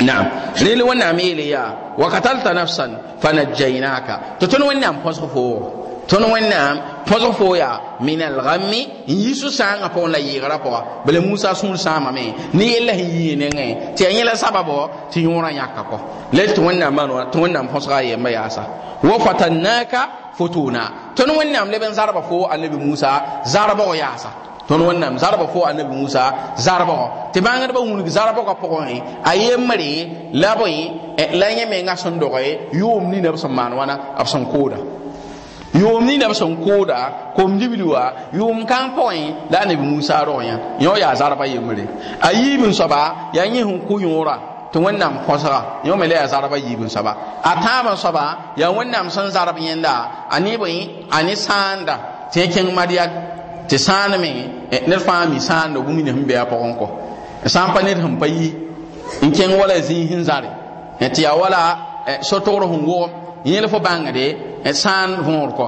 na'am rel wẽnnaam yeeleya wa katalta nafsan fanajainaka tɩ tõnd wẽnnaam põsg foo tõnd wẽnnaam põsg foo min algame n yisu san pʋgẽ la yɩɩgrã pʋga bala musa ne yella sẽn yɩɩ nengẽ tɩ yaa yẽla sababɔ tɩ yõorã yãka kɔ la tɩ wẽnnaam wa fatannaka fotona tõnd wẽnnaam leb annabi musa zarbg yasa. tõnd wannan zarbã fo annabi musa zarbgɔ tɩ bãngdbã wilg zarbgã pʋgẽ a yembre la bõe la yẽ mengã sẽn dogye yʋʋm nina b sẽn maan wãna b sẽn kooda yʋʋm nina b sẽn kooda kom-libd wa yʋʋm kãng pʋgẽ la annabi musa rɔgyã yẽ wa yaa zarbã yembre a yiib n soaba yaa yẽ sẽn kʋ yõora tɩ wẽnnaam kõsga yõ me la yaa zarba yiib n soaba a tãab n soaba yaa wẽnnaam sẽn zarb yẽnda a ne bõe a ne sãanda tɩ yẽ kẽng mad yaa tɩ san me eh, ned fãa mi san sãanda bũmb ne sẽn be a pʋgẽ eh, san pa ned sẽn pa yi n kẽng wala zĩig sẽn zare eh, tɩ yaa wala so-togr sẽn wʋgem yẽl fo bãngde sãan vũor kɔ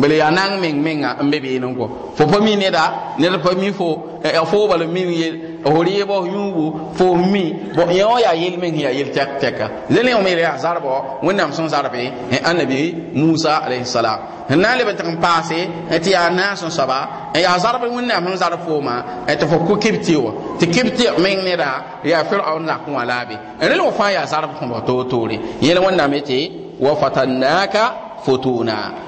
bele yaa nang meng menga n be beene ko fo pa mi neda ned pa mi fo fooba la mi hori bo yubu fo mi bo yo ya yel men ya yel tak taka zele o mere azar bo wonnam son zarbe e annabi musa alayhi salam na le betan passe eti ya na son saba e ya zarbe wonnam son zar fo ma et fo ku kibti wo ti kibti men ne da ya fir'aun la kun alabi en o fa ya zarbe kun bo to tore yel wonnam eti wa fatannaka futuna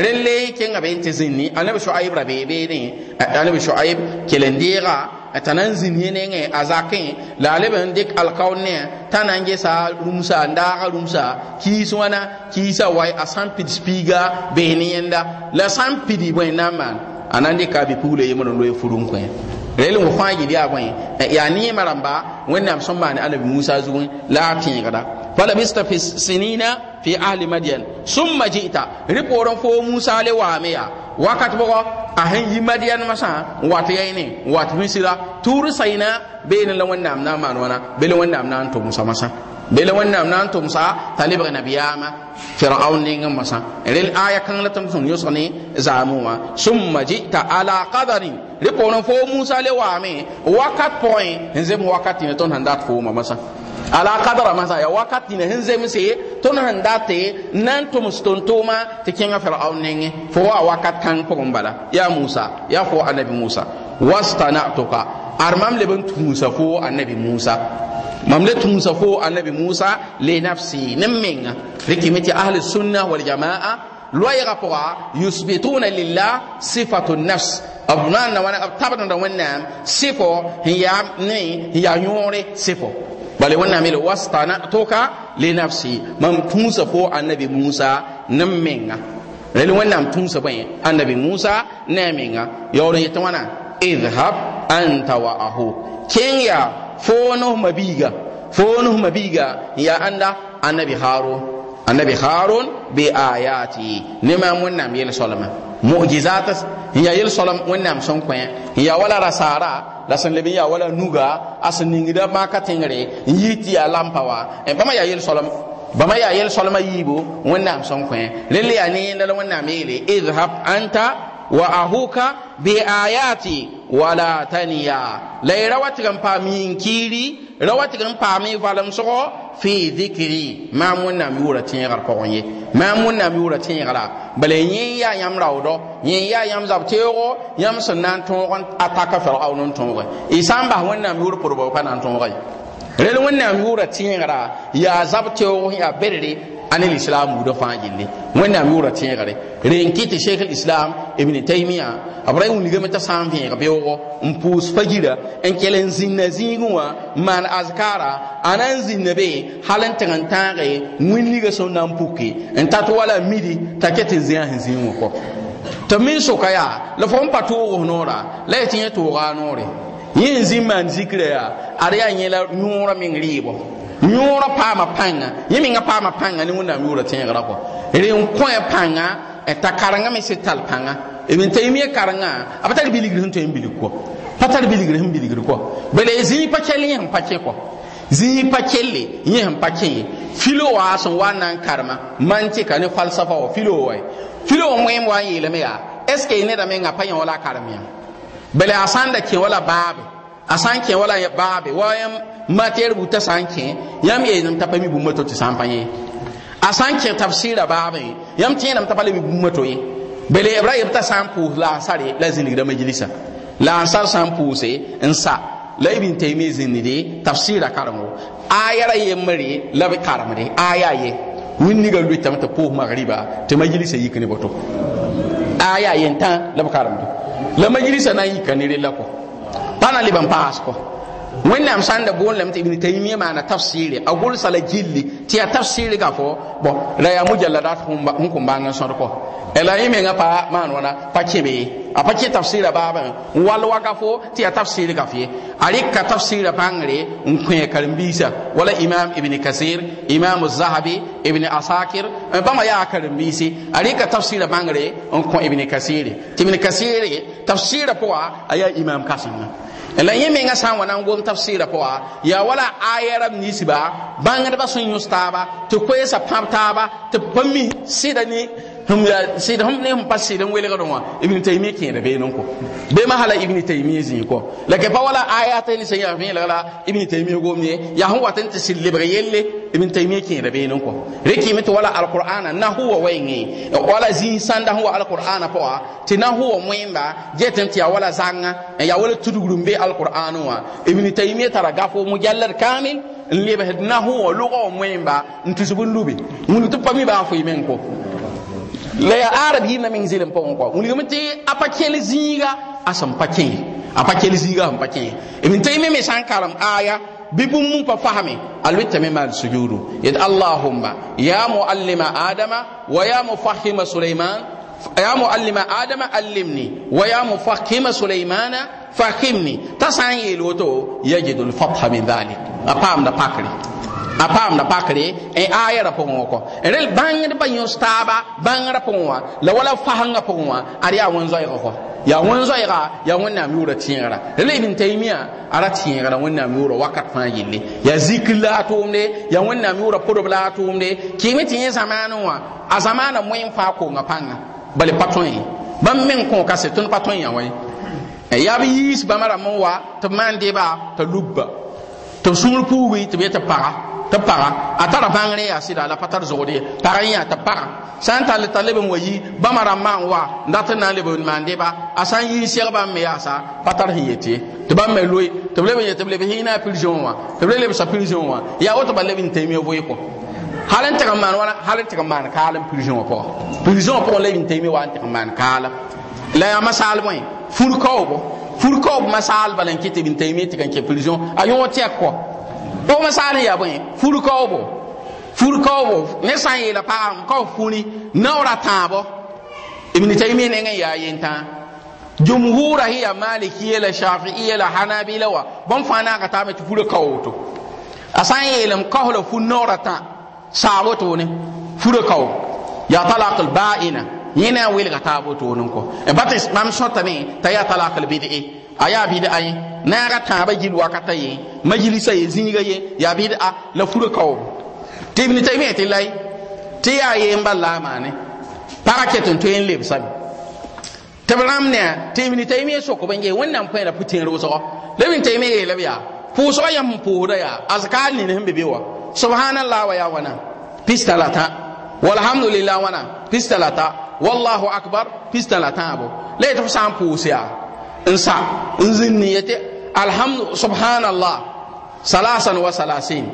rele ke ngabe inte zinni anabi shuaib rabe be ne anabi shuaib kelendira tanan zinni ne eh, ne azake la dik alkaune tanan ge sa rumsa ga rumsa ki suwana ki sa wai asan pid spiga be ne yenda la san pidi boy naman de ka bi pule yimon loye furun ko rel mu fãa yɩl yaa bõe alabi musa zugẽ la a tẽegda fa labista fi sinina fi ahli madian summa jita musa le wakat bʋgɔ a sẽn yi madian masã wat yɛɩne n wat misra tuur sayɩna la rel aya la summa jita ala qadarin le pʋgr fo musa le waame wakat pʋgẽ n zems wakati tɩ ne tõnd sẽn fo ma masa, ala kadara masa ya wakati tɩ ne sẽn zemse tõnd sẽn handa te nan n tʋms ma, tʋʋma tɩ fara aw nengẽ fo wa wakat kan pʋgẽ bala ya musa ya fo anabi musa wastana'tuka ad mam le n tũusa fo anabi musa mam le musa fo anabi musa le nafsi ne menga rɩkɩme tɩ ahli sunna waljamaa loɛɛgã pʋga yusbituna lillah sifatu nafs na maanna wãna da tabdẽda sifo sɩfo ne yaa yore sifo bale yõore sɩfo bala wẽnnaam yel wastanatuka nafsi. mam tũusa fo annabi musa nim menga rel wẽnnaam tũusa bõe annabi musa ne a menga yaoor n yetɩ idhab anta wa ahu kenya fo no mabiga fo no mabiga ya anda annabi haaro annabi harun bi ayati ne ma wannan yel solama mu'jizat ya yel solam wannan son kwen ya wala rasara la san lebi ya wala nuga asan ningida ma ka tengre yiti ya lampawa e bama ya yel solam bama ya yel solama yibo wannan son kwen lele ya ne la wannan mele idhab anta wa ahuka bi ayati wala taniya lai rawatigan pa min kiri rawatigan pa mi valam sogo fi dhikri ma wẽnnaam yʋʋra tẽegr pʋgẽ ye maam wẽnnaam yʋʋra tẽegra bala yẽ yaa yãmb raoodɔ yẽ yaa yãmb zab teoogo yãmb na n tõog a taka firgaun n tõoge y sã n bas pa zab an islam do fa gilli wẽnnaam yʋʋra tẽegre ren kɩtɩ sheikh islam ibn taimia b ra wilgame t'a sã n vẽeg beoogo n pʋʋs fagira n kell n zĩnna zĩigẽ wã n maan azkara a na n zĩnna be hal n tɩg n tãage wĩn-ligã sẽn na n puke n tat wala midi t'a ket n zẽa sẽn zĩig wã kɔ tɩ min soka yaa la fo n pa toogf noora la yetɩ yẽ toogaa noore yẽ n zĩ maan zikrã yaa ad yaa yẽ la yõorã meng rɩɩbɔ yõorã paama pãnga yẽ menga paama pãnga ne wẽnnaam yʋʋra tẽegrã kɔ ren kõe pãnga t'a karengã me sẽn tall pãnga ibn taymiya karengã a pa tar biligr sẽn tõe n bilg kɔ pa tar biligr sẽn bilgr kɔ bala zĩig pa kell yẽ sẽn pa kẽ kɔ zĩig pa kelle yẽ sẽn pa kẽ ye filo wã sẽn wa n na n karema mantɩka ne falsafa wã filo wa filo wã wẽem wa n yeelame yaa est ce que neda menga pa yẽ wala a karem yãm a sã da kẽ wala baabe a sã kẽ wala baabe wa mater buta sanke yam ye nam tapami bu moto ti sampanye a sanke tafsira baabe yam tiye nam tapale bu moto ye bele ibrahim ta sampu la sare la zinigi da majlisa la sar sampu se nsa la e ibn taymi zinidi tafsira karango A ye mari la be karamre aya ye winni ga lu tamta po magriba te majlisa yikne boto aya ye tan la be karamdo la majlisa na yikane re la ko pana liban pas ko wẽnnaam sã n da boonlame tɩ ibn taimia maana tafsɩɩre a gʋlsa la gilli tɩ yaa tafsɩɩre ga fo bõn la yaa mujalladaat sẽn kõ bãng n sõdkɔ la yẽ mengã pa maan wãna pa kẽbe a pa kẽ tafsɩɩrã baabã n wall wa gafo tɩ yaa ka gaf ye a rɩka tafsɩɩrã pãngre n kõe karen-biisã wala imam ibn kasir imam zahabi ibn asakir bãmba e yaa karen-biise a rɩka tafsɩɩrã pãngre n kõ ibn kasire tɩ ibn kasire tafsɩɩrã pʋga a yaa imam kãsenga la yẽ menga sã n wa na n gom tafsɩɩrã pʋga ah. e yaa wala aya rab ninsba bãngdbã sẽn yõs taaba tɩ koɛɛsã pãb taaba tɩ pa ne hum ya sɩd hum ne hum pa sɩd n welgd wã ibn taymi kẽeda beene n kɔ bee ma hala ibn taymi zĩig kɔ la kẽ pa wala ayata ne sẽn yaa vẽelga la ibn taymi gom ye yaa sẽn wat n tɩ sɩd lebg yelle ibn taymi kẽeda beene n kɔ rɩkɩɩme tɩ wala alqurana na huwa wɛɩngẽ wala zĩig sãnda sẽn wa alqurana pʋga tɩ na huwa wẽmba get n tɩ yaa wala zãnga n yaa wala tudgr n be alqurana wã ibn taymi tara gafo mujallad kamil n lebsd na huwa lʋga wã wẽmba n tusb n lube wũn tɩ pa mi bãa la ya arab yina min zilim pon ko mun yumti apakel zinga asam a apakel zinga am pakin ibn taymi me sankaram aya bibum mun pa fahami alwitta me mal sujudu yad allahumma ya muallima adama wa ya mufahhima sulaiman يا معلم آدم علمني ويا مفهم سليمان فهمني تسعين يلوتو يجد الفتح من ذلك أبام da باكري a paamda pakre n aaya ra pʋgẽ wã kɔ rel bãngdbã yõs taaba bãngrã pʋgẽ wã la wala fasãngã pʋgẽ wã ad yaa wẽn-zoɛɛgã kɔ yaa wẽn-zoɛɛga yaa wẽnnaam yʋʋra tẽegrã rel e ibn taimia a ra tẽegrã wẽnnaam yʋʋra wakat fãa yelle yaa zikr la a tʋʋmde yaa wẽnnaam yʋʋra podb la a tʋʋmde kɩɩme tɩ yẽ zãmaanẽ wã a zãmaanã moẽ fãa konga pãnga bale pa tõe bãmb meng kõoka se tõnd pa tõe yã ya e yaa b yiis bãmba rãmb n wa tɩ b maan deeba lubba tɩ b sũur puugi tɩ b yetɩ tɩ paga a tara bãngrẽ ya sɩda la pa tar zogde ya yã tɩ paga sã n tall t'a leb n wa yi bãmba rãmb maan wa n na n leb n maan deba a sã n yɩɩ segba n me yaasa pa tar sẽn yet ye tɩ bãmb me loe tɩ b leb n yetɩ b leb hĩinã a pirisiõ wã tɩ b le lebsa pirisiõ wã yaa woto ba leb n teeme vɩɩ kɔ hal n tɩg n maan wãna hal n tɩg n maan kaalem pirisiõ wã pʋgã pirisiõ pʋgẽ leb n teeme wa n tɩg n maan kaalem la yaa masaal bõe fur kaoobo fur kaoob masaal bala n kɩ tɩ b n teeme tɩ n ke pirisiõ a yõo tɛk kɔ bo ma ya bo furu ko bo, furu ko bo ne la n ko funi na ora ta bo ibn taymi neng ya yaa ta jumhura hiya yaa maliki yela shafi'i yela hanabila wa na ka ta ma tɩ furu ko to a yi lam ko la fu naoora tã saab furu wone ya kao yaa talaq lba'ina yẽ ne a wilga taab ko, wonen kɔ bãtɩ bãmb sõtame t'a ya talaq lbid'i aya bida ay na ga ta ba gil wakata ye majlisa ye zinga ye ya bida a la furo kaw te ibn taymiyyah te lai te ya ye mballa mane para ke tun to en leb sabi tabram ne te ibn taymiyyah so ko bange wannan fa da putin roso le ibn taymiyyah le biya fu so yam fu da ya azkar ne ne be wa subhanallah wa ya wana pistalata walhamdulillah wana pistalata wallahu akbar pistalata bo le to sam fu ya Nsa, sãn n zĩnd ni yetɩ alhamdu subhanallah salasan wa salasin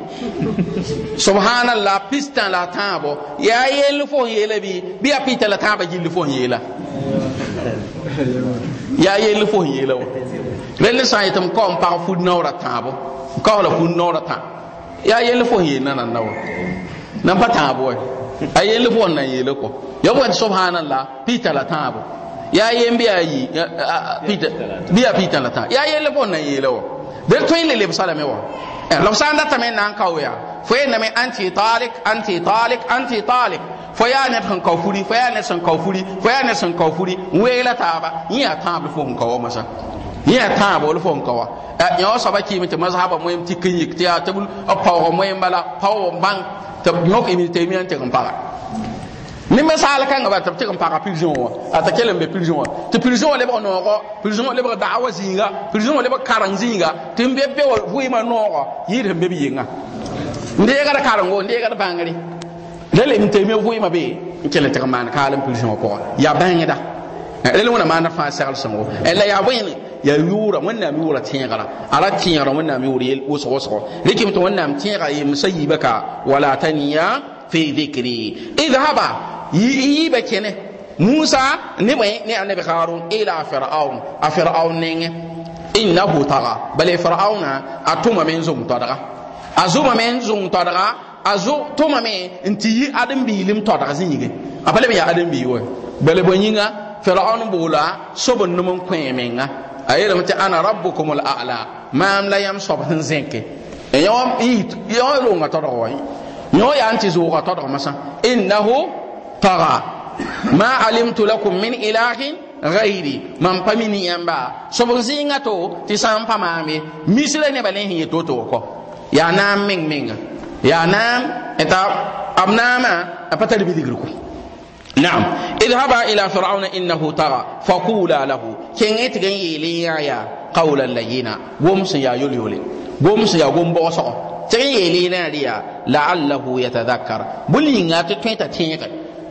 subhanallah pistã la a Ya yaa yell fo n Bi bɩ bɩ pita la tãabã gilli fo n yeela yaa yell fo n yeela wa rẽnd sã n yetɩ m kao n pag fud noorã tãabo n kao la fud noorã tã yaa yell fo n na na wa nan pa tãabo wa a yell fo n nan yeela kɔ yaa bõe tɩ subhanallah pita la tãabo ya yen biya yi biya pitan lata ta ya yen le bon na yele wo del to ile le sala me wo lo sanda ta men nan kawuya ya fo yen me anti talik anti talik anti talik fo ya ne tan kawfuri fo ya ne san kawfuri fo ya ne san kawfuri we lata ba yin ya ta bi fo kawo masa yin ya ta ba lo fo kawo ya wa saba ki mi ta mazhaba mu yim tikin yik ta tabul a pawo mu bala pawo ban ta nok imi te mi an te kan para ni masal kan ga batab tikan paka prison wa ata kelen be prison wa te prison le ba ko prison le ba dawa zinga prison le ba karan zinga timbe be wa wi ma no ko yire be bi yinga nde ga karan go nde ga bangari lele mte me wi ma be kelen tikan man kalan prison ko ya bangida eh, lele wona man fa sal sango ella eh, ya wini ya yura na mi wura tiyara ala tiyara n'a mi wura woso woso to wannan tiyara yi musayibaka wala taniya fi dhikri yi ba kene musa ne mai ne annabi harun ila fir'aun a fir'aun ne innahu taga bale fir'auna atuma men zum tadaga azuma men zum tadaga azu tuma me nti yi adam bi lim tadaga zinyige abale ya adam bi wo bale bonyinga fir'aun bula sobon numun kwemenga ayela mate ana rabbukumul a'la ma am la yam sobhan zinke yawm it yawlunga tadaga wai يو أنت زوغة تدغ مسا إنه طغى ما علمت لكم من إله غيري من فمني ينبا سبغزينا تو تسام فمامي مثل نبالين هي تو توكو يا نام مين مين يا نام إتا أبناما أبتل بذكركم نعم اذهبا إلى فرعون إنه طغى فقولا له كن يتغيي لي يا قولا لينا ومس يا يولي يولي gom sẽn yaa gom-bɔgsgɔ tɩg n yeel yɩlãare yaa laallahu yatadakar bũmb yĩnga tɩ tõe t'a tẽege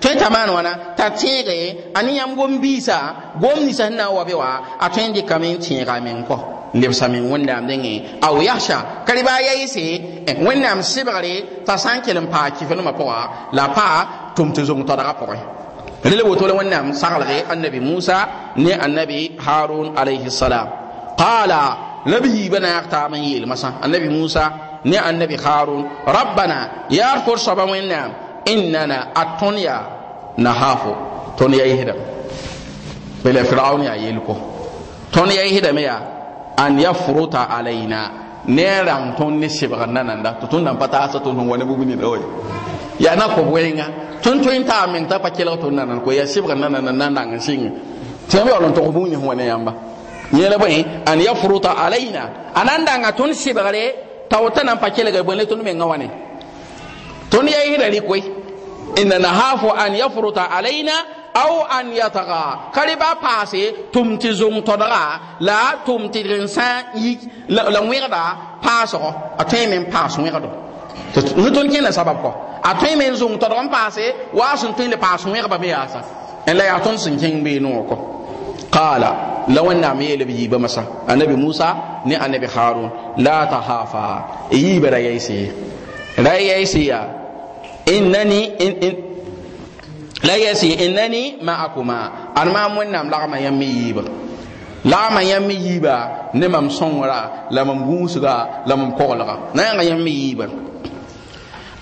tõe t'a maan wãna t'a tẽege a ne yãmb gom-biisã gom ninsã sẽn na n wa be wa a tõe n dɩkame n tẽega a meng kɔ lebsa me wẽnnaam dẽngẽ a w yasa ka rɩba a yɛɩse wẽnnaam sɩbgre t'a sã n kell n paa kɩfenemã pʋga la pa paa tʋm tɩ zong tɔdgã pʋgẽ rel woto la wẽnnaam saglge annabi musa ne annabi harun alayhi salam qala la bi yiba na yak taam yeel masa annabi musa ne annabi harun rabbana ya for soba wẽnnaam innana a tõnd yaa nahafo tõnd ya yɩsdame bela firaun yaa yel ko tõnd ya yɩsdame yaa an yafruta alaina ne a rãng tõnd ne sebg n nananda tɩ tõnd nan pa taasa tõnd sẽn wa ne bugu nina wa yaa na kõ wẽnga tõnd tõe n taam meng t'a pa kelg tõnd nanan ko yaa sebg n nananda nan rãng n sɩnga tɩ yãmb yaool n tog bũmb ne sẽn wa ne yãmba yẽla bõe an yafruta alaina a na n dãnga tõnd sɩbgre t'a wota na n pa kelga bõe le tõnd menga wã ne tõnd ya yɩsda rɩk koe ĩnna nahafo an yafruta alaina aw an yataga kare ba paase tʋm tɩ zong tõdga la tʋm tɩ d n sã n la wẽgda paasgɔ a tõe me n paas wẽgdo ne tõnd kẽnda sabab kɔ a tõe me n zong tõdg n paase waa sẽn tõe le paas wẽgba me yaasa n la yaa tõnd sẽn kẽng beene wã kɔ قال لو ان عمي لبي بمسا النبي موسى ني النبي هارون لا تخافا اي برايسي رايسي انني ان ان لا يسي انني معكما ان ما من نعم، لا لغما يمي لا لغما يمي يبا لا صورا لمم لا لمم كولغا نيا يمي يبا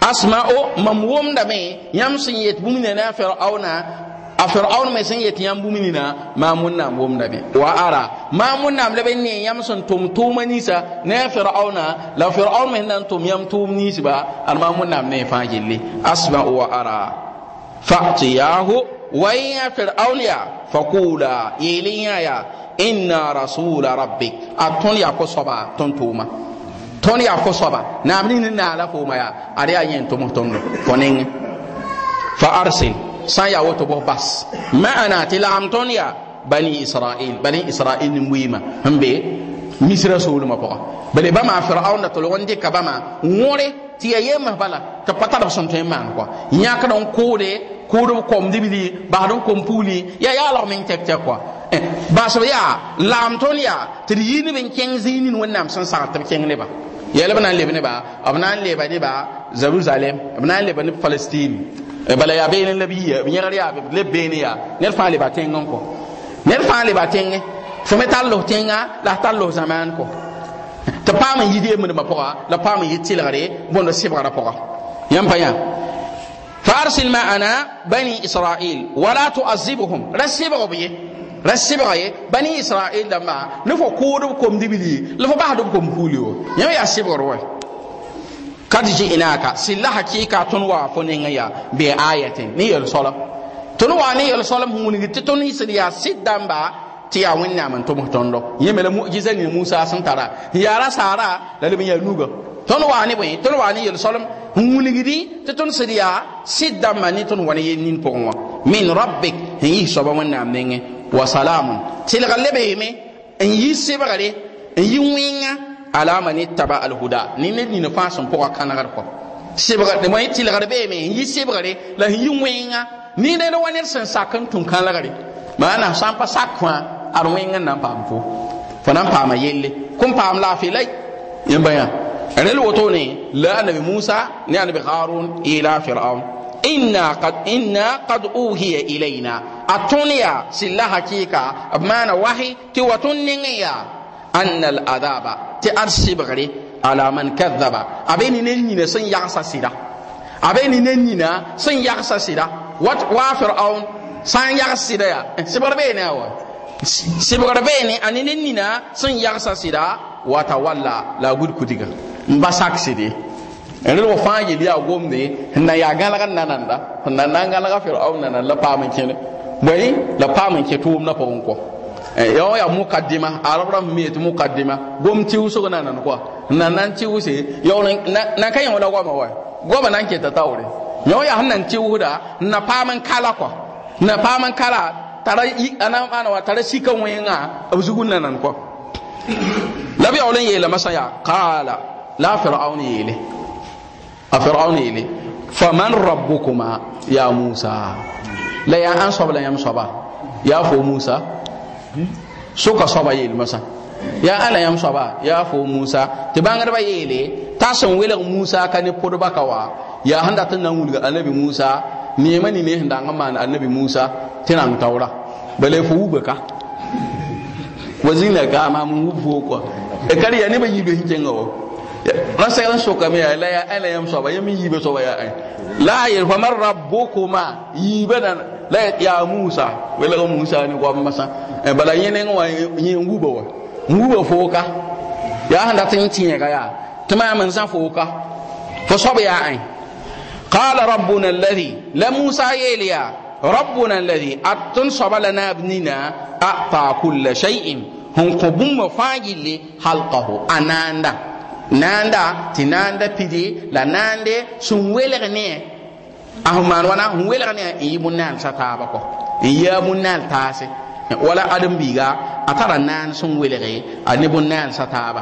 اسماء ممومدا مي يمسيت بومنا فرعون a fir'aun mai sun yati yan bumi na ma mun nam wom nabi wa ara ma mun nam labe ne yam sun tum tuma nisa ne fir'auna la fir'aun mai nan tum yam tum nisa ba al ma mun nam ne fa gilli asma wa ara fa'tiyahu wa ya fir'aun ya faqula ilinya ya inna rasula rabbik atun ya ko soba ton tuma ton ya ko soba nam ni na ala fo ma ya ari ayen tum tum ko ne fa arsil San ya yaa woto bas maana tɩ lagem tõnd bani israil bani israil ni wɩɩmã hambe misra so wuluma ko bale bãmba firauna tolg n dɩka bãmba wõre tɩ ya ma bala tɩ pa tadb sẽn tõe n maan kɔa yãkd n kʋʋde kʋʋdb kom dibli ba don kom puuli ya ya me min tek tek ko eh, ba so ya. tõnd yaa tɩ yini yɩ neb n kẽng zĩig nin wẽnnaam sẽn sagd tɩ b kẽng nebã yɛl b na n leb nebã b na ne ba. nebã jerusalem abna na ba ne palestine bala ya bene la biya mi yara ya le bene ya ne fa le batin ngon ko ne fa le batin ne fo metal lo tinga la tal lo zaman ko te pa mi yide mi ma po la pa mi yitil gare bon se bra po yam pa ya farsil ma ana bani israil wala tu'azibuhum rasib obiye rasib obiye bani israil dama ne fo ko do ko mdibili le fo ba do ko mfuli o yam ya sibor wa kad inaka silla hakika tun wa ponen ya be ayatin ni yel sala tun wa ni yel sala mun ni tun isir ya siddamba ti ya winna man to mutondo yemele mu'jiza ni Musa san tara ya rasara lalim ya nuga tun wa ni boy tun wa ni yel sala mun ni ti tun siriya siddamba ni tun wani yin pogon wa min rabbik yi soba winna menge wa salamun tilga lebe en yi sibare en yi alama ne taba alhuda ni ne ni ne fa sun pɔgɔ kanagar kɔ sibra de mo tilgar be me yi sibrare la yi wenga ni ne no wani san sakan tun kanagare maana san pa sakwa ar wenga nan pam fo fo nan pam yelle kun pam la fi lai yan baya rel woto ne la annabi musa ne annabi harun ila fir'aun inna qad inna qad uhiya ilaina atunya silla hakika mana wahi ti watun ningiya annal adaba tɩ ad sɩbgre ala man kadaba a be ne ned nina sẽn yagsa sɩda a be ne ned nina sẽn yagsa sɩda wa firaun sã n yags sɩda yaa sɩbr beene a wa sɩbgr beene a ne ned nina sẽn yagsa sɩda eh, wa tawalla la a gud n ba saksɩde rẽd wa fãa yel yaa gomde n na yaa gãlg n nananda n na nan gãlga firaun nananda la paam n kẽne bõe la paam n kẽ tʋʋmdã pʋgẽ kɔ ya eh, wa ya mukaddima arabra mi mu mukaddima gom ti uso na nan kwa na nan ti use ya na kan wala goma wa goma nan ke ta tawre ya ya hannan ti wuda na paman kala kwa na paman kala tara anan ana wa tara shika a abuzugun nan nan kwa labi awlan yela masaya qala la fir'aun yele a fir'aun yele faman rabbukuma ya musa la ya an la ya musaba ya fo musa Hmm? soka soaba yeel masã ya ala yãmb soaba ya fo musa tɩ bãngdbã yeele t'a sẽn welg musa ka ne pʋdba ka wa ya handa dat nan na n wilga anabi musa neemã nine ne handa n maan anabi musa tɩ rãng taoora bala fo wuba ka ma mun kaama ko e kari ya kar ba nebã yiibe sẽn kenga wo rasɛgl n sokame yaa la yaa ala yãmb soaba yãmb n yiibe ya ai eh. la a yel rabbukuma ma rabukuma yiibã la ya musa wela ko musa ni ko masa e bala yene wa yin nguba wa nguba foka ya handa tin tin ga ya tuma man sa foka fo sobe ya ai qala rabbuna alladhi la musa yeliya rabbuna alladhi atun sabalana abnina ata kull shay'in hun qubum wa fajili halqahu ananda nanda tinanda pidi la nande sun ne. ahum wana hun welg ne n yi munnaan sa taaba kɔ n yaa munnaan taase wala adam biiga a tara naan sẽn welge a ne bũnnaan sa taaba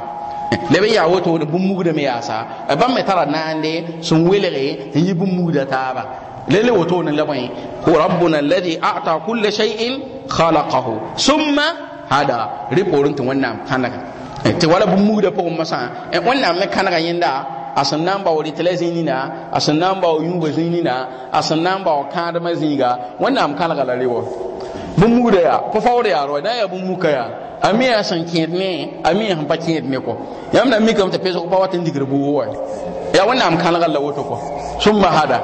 leb n yaa wotone bũmb-mugdame yaasa bãmb me tara naande sun welge n yi bũmb-mugda taaba lele wotone la bõe rabbuna alladhi ata kulla shay'in khalaqahu summa hada repoorẽ tɩ wẽnnaam kãnega tɩ wala bũmb-mugda pʋgẽ masã e wẽnnaam me kãnega yinda. a sẽn na n bao rɩtla zĩ nina a sẽn na n bao yũuba zĩ nina a sẽn na n bao kãadmã zĩiga wẽnnaam kalga la wa bũmb mugda yaa pa faood yaa roa na n yaa bũmb muka yaa a ya san sẽn ne ami ya sẽn pa kẽed ne kɔ yãmb na mikame tɩ pesg pa wat n digr buug wa yaa wẽnnaam kãlga la woto kɔ sũmba hada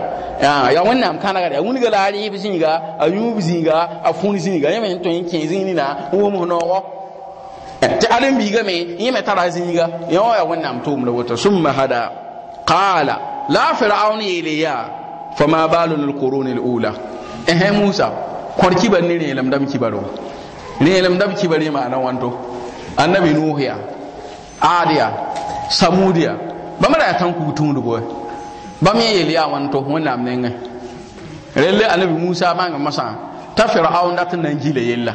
ya wẽnnaam kãnegd ya wĩnga la a rɩɩb zĩiga a yũub zĩiga a fũr zinga yẽ me sẽn tõe n kẽ zĩ nina n wʋms alin biga me yi mai yi ziga ya waya wannan tum da wata sun mahada kala la fir'aun ya fa ma balun alqurun alula eh musa kwarki ban ne lam dam ki baro ne lam dam ki bare ma nan wanto annabi nuh ya adiya samudiya ba mara ya tanku tun dubo ba me yeli ya wanto wannan ne ne rele annabi musa ma ga masa ta fir'aun da tan nan jile yella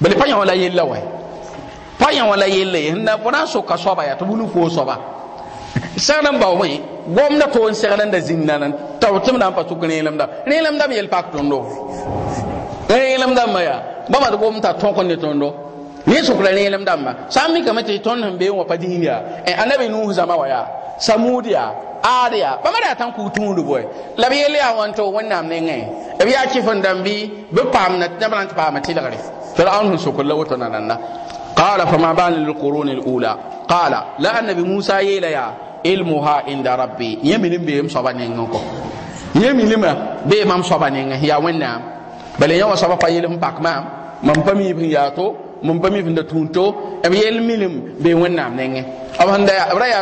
bali fanya wala yella wai pa yã wala yelle n na fõna n soka soaba yaa tɩ bulu foo soaba segd n bao me gomda toon segd n da zĩnd nan t'a tɩ m na n pa tʋk rẽelemdam rẽelemdam yel pak tõndo rẽelemdãmbã yaa bãmba d gom t'a tõk ne tõndo ne sokra rẽelemdãmba sã n mikame tɩ tõnd sẽn been wã pa dĩin yaa e, anabi nuus zãma wã yaa samud yaa aad yaa bãmba daa tãn kug tũudb wɛ la b yell yaa wãn tɩ wẽnnaam nengẽ b yaa kɩf n dãmbi bɩ paamna neb rãn tɩ paama tɩlgre firaun sẽn sokr la woto nananna قال فما بال القرون الأولى قال لا النبي موسى يلا يا علمها عند ربي يمين بهم صبانين نكو يمين ما بهم صبانين يا وين بل يا وصبا فيلم باك ما من بمي بياتو من بمي بند تونتو ام يلملم وين ونا نين ام هندا رايا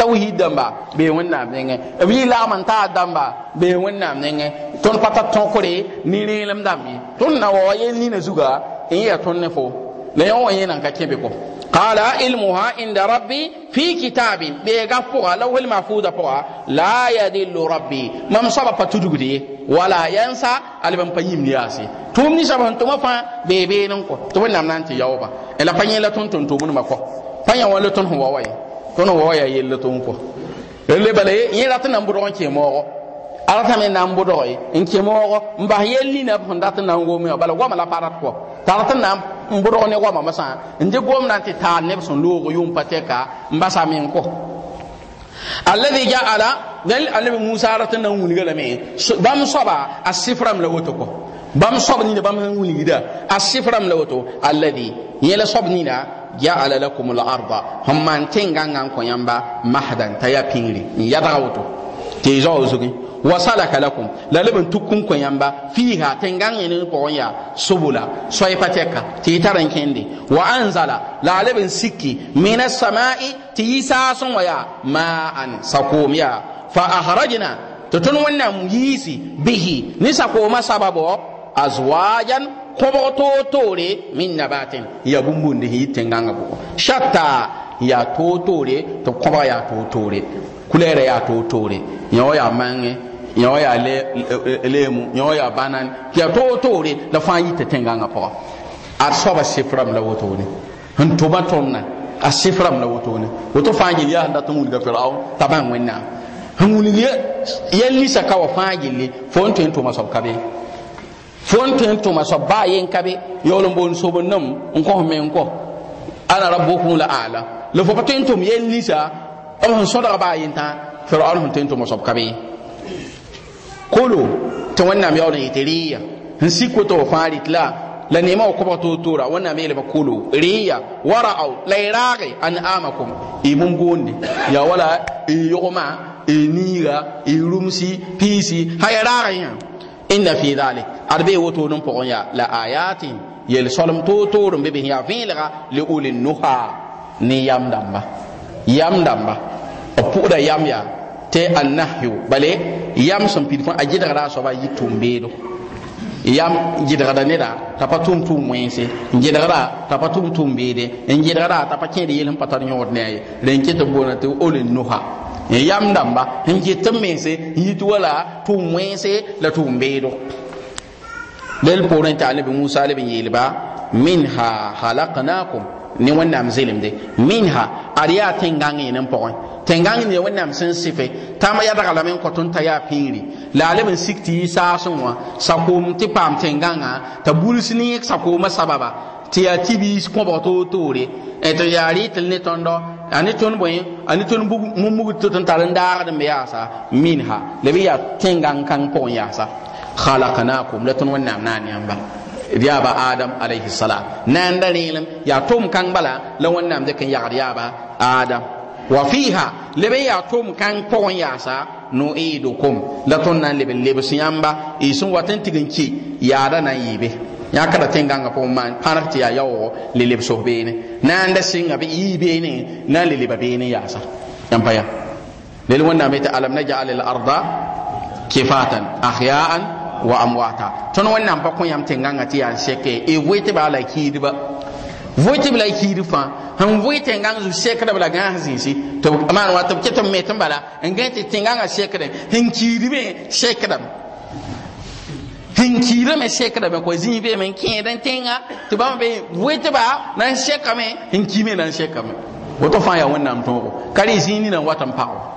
tawhid damba be وين nengẽ b yɩ lagm n taa dãmba bee wẽnnaam nengẽ tõnd pa ta تون ni rẽelem dãmb ye tõnd na wa wa yel nina zuga n yɩ yaa tõnd ne la yõ wã yẽ ka kẽbe kɔ qala ilmuha inda rabbi fi kitabin beega pʋga la wel pʋga la yadillu rabbi mam soaba pa tudugde ye wala yansa alb pa yĩmd yaase tʋʋm sẽn tʋma fãa bee been n kɔ tɩ na n tɩ yaooba la pa yẽ la kɔ pa yã wã la sẽn ye yaa yell kɔ le bala ye yẽ bʋdg n kẽ a ratame na n bʋdg ye n kẽ n bas yell nina sẽn dat n na n bala goama la pa rat kɔ n bʋdg ne goamã masã n na gomdã tɩ taal neb sẽn loog yʋʋm pa tɛka n basa meng kɔ alladhi ja'ala dal annabi musa ratan nan wuni gala me bam soba asifram la woto ko bam sob ni bam han wuni gida asifram la woto alladhi yela sob ni na ja'ala lakum al-arda hamman tinga ngan ko yamba mahdan tayapingri yada woto te zo zugi wasala salaka lakum la lebn tukun ko yamba fiha tengangẽ ne pʋgẽ yaa sobula soy pa tɛka tɩ y tar n kẽnde wa anzala la lebn siki min asamai tɩ yi saasẽ wã yaa maan sakoom yaa fa ahrajna tɩ tõnd wẽnnaam yiisi bihi ne sakoomã sababo azwajan kõbg toor-toore min nabatin ya bũmbundi sẽn yɩ ko, pʋgẽ shata yaa toor-toore tɩ kõbga yaa toor-toore kulɛɛrã yaa toor-toore yã wa yaa mangẽ yã wa yaa leemu yã wa yaa bãnan tɩ yaa toor-toore la fãa yit tẽngãngã pʋgã a soaba sɩframe la wotone n tʋma tʋmna a sɩframe la wotone woto fãa gill yaa sẽn dat n wilga firaun t'a bãng wẽnnaam n wilg ya lisa ka wa fãa gilli fo n tõe n tʋma soab ka be fo n tõe n tʋma soab baa yen ka be yaool n boond sob-nem n kõs me n kɔ ana rabukum la aala la fo pa tõe n tʋm yel lisa b sẽn sõdg baa yentã firaun sẽn tõe n tʋma soab ka be kolo ta wannan yaood n yetɩ in si sik woto fari rɩt la nema neema wa kobg tɩ wannan mai yeelba kolo riya wara au y an amakum imun bũmb ya wala y yʋgma y niiga y rũmsi piisi sã ya raag fi dhalik arbe woto wotood n ya la ayatin yel solom toor-toor n be bɩ yaa vẽelga ulin nuha ni yam damba yam damba b pʋgda yam ya te annahyu bale yam sẽn pid ko a gɩdgra a ba yitum beedo yam gɩdgda neda t'a patum tum tʋʋm wẽnse da t'a patum tum beede en n gɩdgra t'a pa kẽed yeel patar pa ne a ye rẽn ket n te tɩ ole e yam damba en get n mense yit wala tum wẽnse la tum beedo lel pore tɩ a nabi musa leb n yeelba minha halaknakum ne wẽnnaam zelemde minha ad yaa tẽngãng yẽ n pʋgẽ tẽngãng ne wẽnnaam sẽn sɩfe tãmb yadga lame n kõ tõnd t'a yaa pĩiri la a leb n sik tɩ yɩ saasẽ wã sakoom tɩ paam tẽngãngã t'a buls ne yẽk sakoomã sababa tɩ yaa tibiis kõbg toor-toore tɩ yaa rɩɩtl ne tõndɔ a ne tõnd bõe a ne tõnd mumug tɩ tõnd tar n daagd n be yaasa minha la bɩ yaa tẽngãng kãng pʋgẽ yaasa khalaqnakum la tõnd wẽnnaam na a ne yaaba adam alayhi salam nanda rẽelem yaa tʋʋm kãng bala la wẽnnaam dɩk n yagd yaaba adam wa fiiha leb n yaa tʋʋm kãng pʋgẽ yaasa nu'idukum la tõnd nan lebe, leb n lebs yãmba y sẽn wat n tig n ki yaada na n yɩɩbe yãkda tẽngãngã pʋgẽ maan pãrg tɩ yaa yaoogo ne. lebsos beene naanda sɩnga b yɩɩ beene na n le leba beene yaasa yãmb pa yã lel wẽnnaam yetɩ alam najal al arda kifatan ahyaan wa amwata ton wannan ba kun yam tenganga ti an seke e wete ba la kidba ba la kidi fa han voiti ngang zu sekra la gan hazinsi to man wa to ketam tun bala ngente tinganga sekra hin kidi be sekra hin kidi me sekra be ko zin be men kin dan tenga to ba be voiti ba nan sekra me hin kiri me nan sekra me wato fa ya wannan to ko kare ni nan watan pa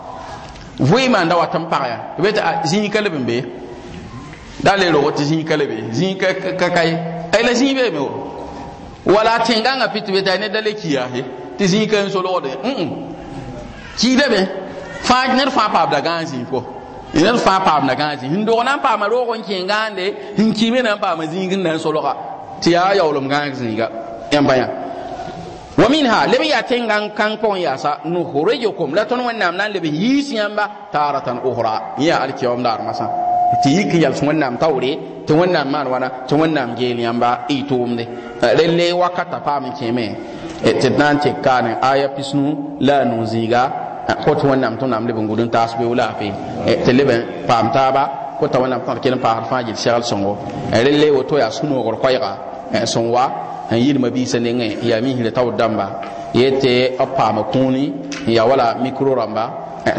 voi man da watan pa ya to be ta zini kalbin be dale ro wati zin kalbe zin ka kai ai la zin be me wala tinga nga pitu be dane dale kiya he ti zin kan so lo de mm ki de be fa ner fa pa da ganzi ko ner fa pa na ganzi hindo nan pa ma ro kon kinga ande hin ki me nan pa ma zin gin nan so lo ka ti ya ya ulum ganzi ga yan baya wa minha lebe ya tengan kan kon ya sa nukhrijukum la ton wannam nan lebe yisi yamba taratan ukhra ya alkiyam dar masa tɩ yik n yals wẽnnaam taoore tɩ wẽnnaam maan wãna tɩ wẽnnaam geel yãmba y tʋʋmde rel eh, le wakata paam n kẽeme eh, tɩ d na n tɩk kaane aya pisnu la a nuu-zĩiga eh, kot wẽnnaam tɩ wẽnnaam leb n gud n taas beoog laafɩ tɩ leb n paam taaba ta wẽnnaam tã d kell n paasd fãa gil segl sõngo rel le woto yaa sũ-noogr koɛɛga sẽn wa n yɩlma biisã nengẽ n yaa miisre taood dãmba yetɩ b paama kũuni n yaa wala mikro rãmba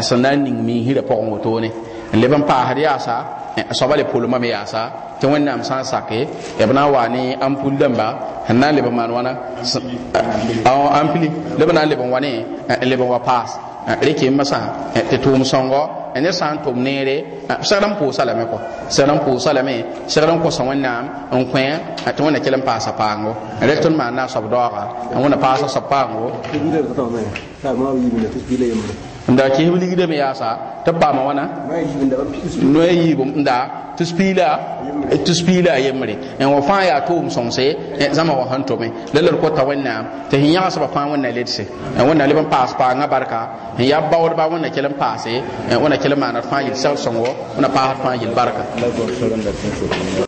sẽn na n ning miisrã pʋgẽ wotone n leb n paasd yaasa Eh, soaba le pʋʋl mam yasa tɩ wẽnnaam sã n sake b bana wani waa ne n pul dãmba n na n leb n maan le eh, ban pili leb na n leb wa pass n leb n wa paas rɩkɩmbã sã tɩ tʋʋm sõngo ne sã n tʋm neere segd n pʋʋsa lame kɔ segd n pʋʋsa lame segd to kõsa wẽnnaam n kõ tɩ wẽna ma na paasa paango rɛk tõnd maan na a ta ma wi wẽna paasa soab paango nda kɩsb ligda me yaasa ma wana no yi bu nda tɩ spiila tɩ spiila a yembre n wa fãa yaa toom um sõmse zãma wa sẽn tʋme la la d kota wẽnnaam tɩ sẽn yãgsba fãa wẽnna ledse wanna liban pass pa paangã barka en ya yaa baoodba wẽnna kell n paase wẽnna kell n maana d fãa yel segl sõngo wẽnna paasd fa yi barka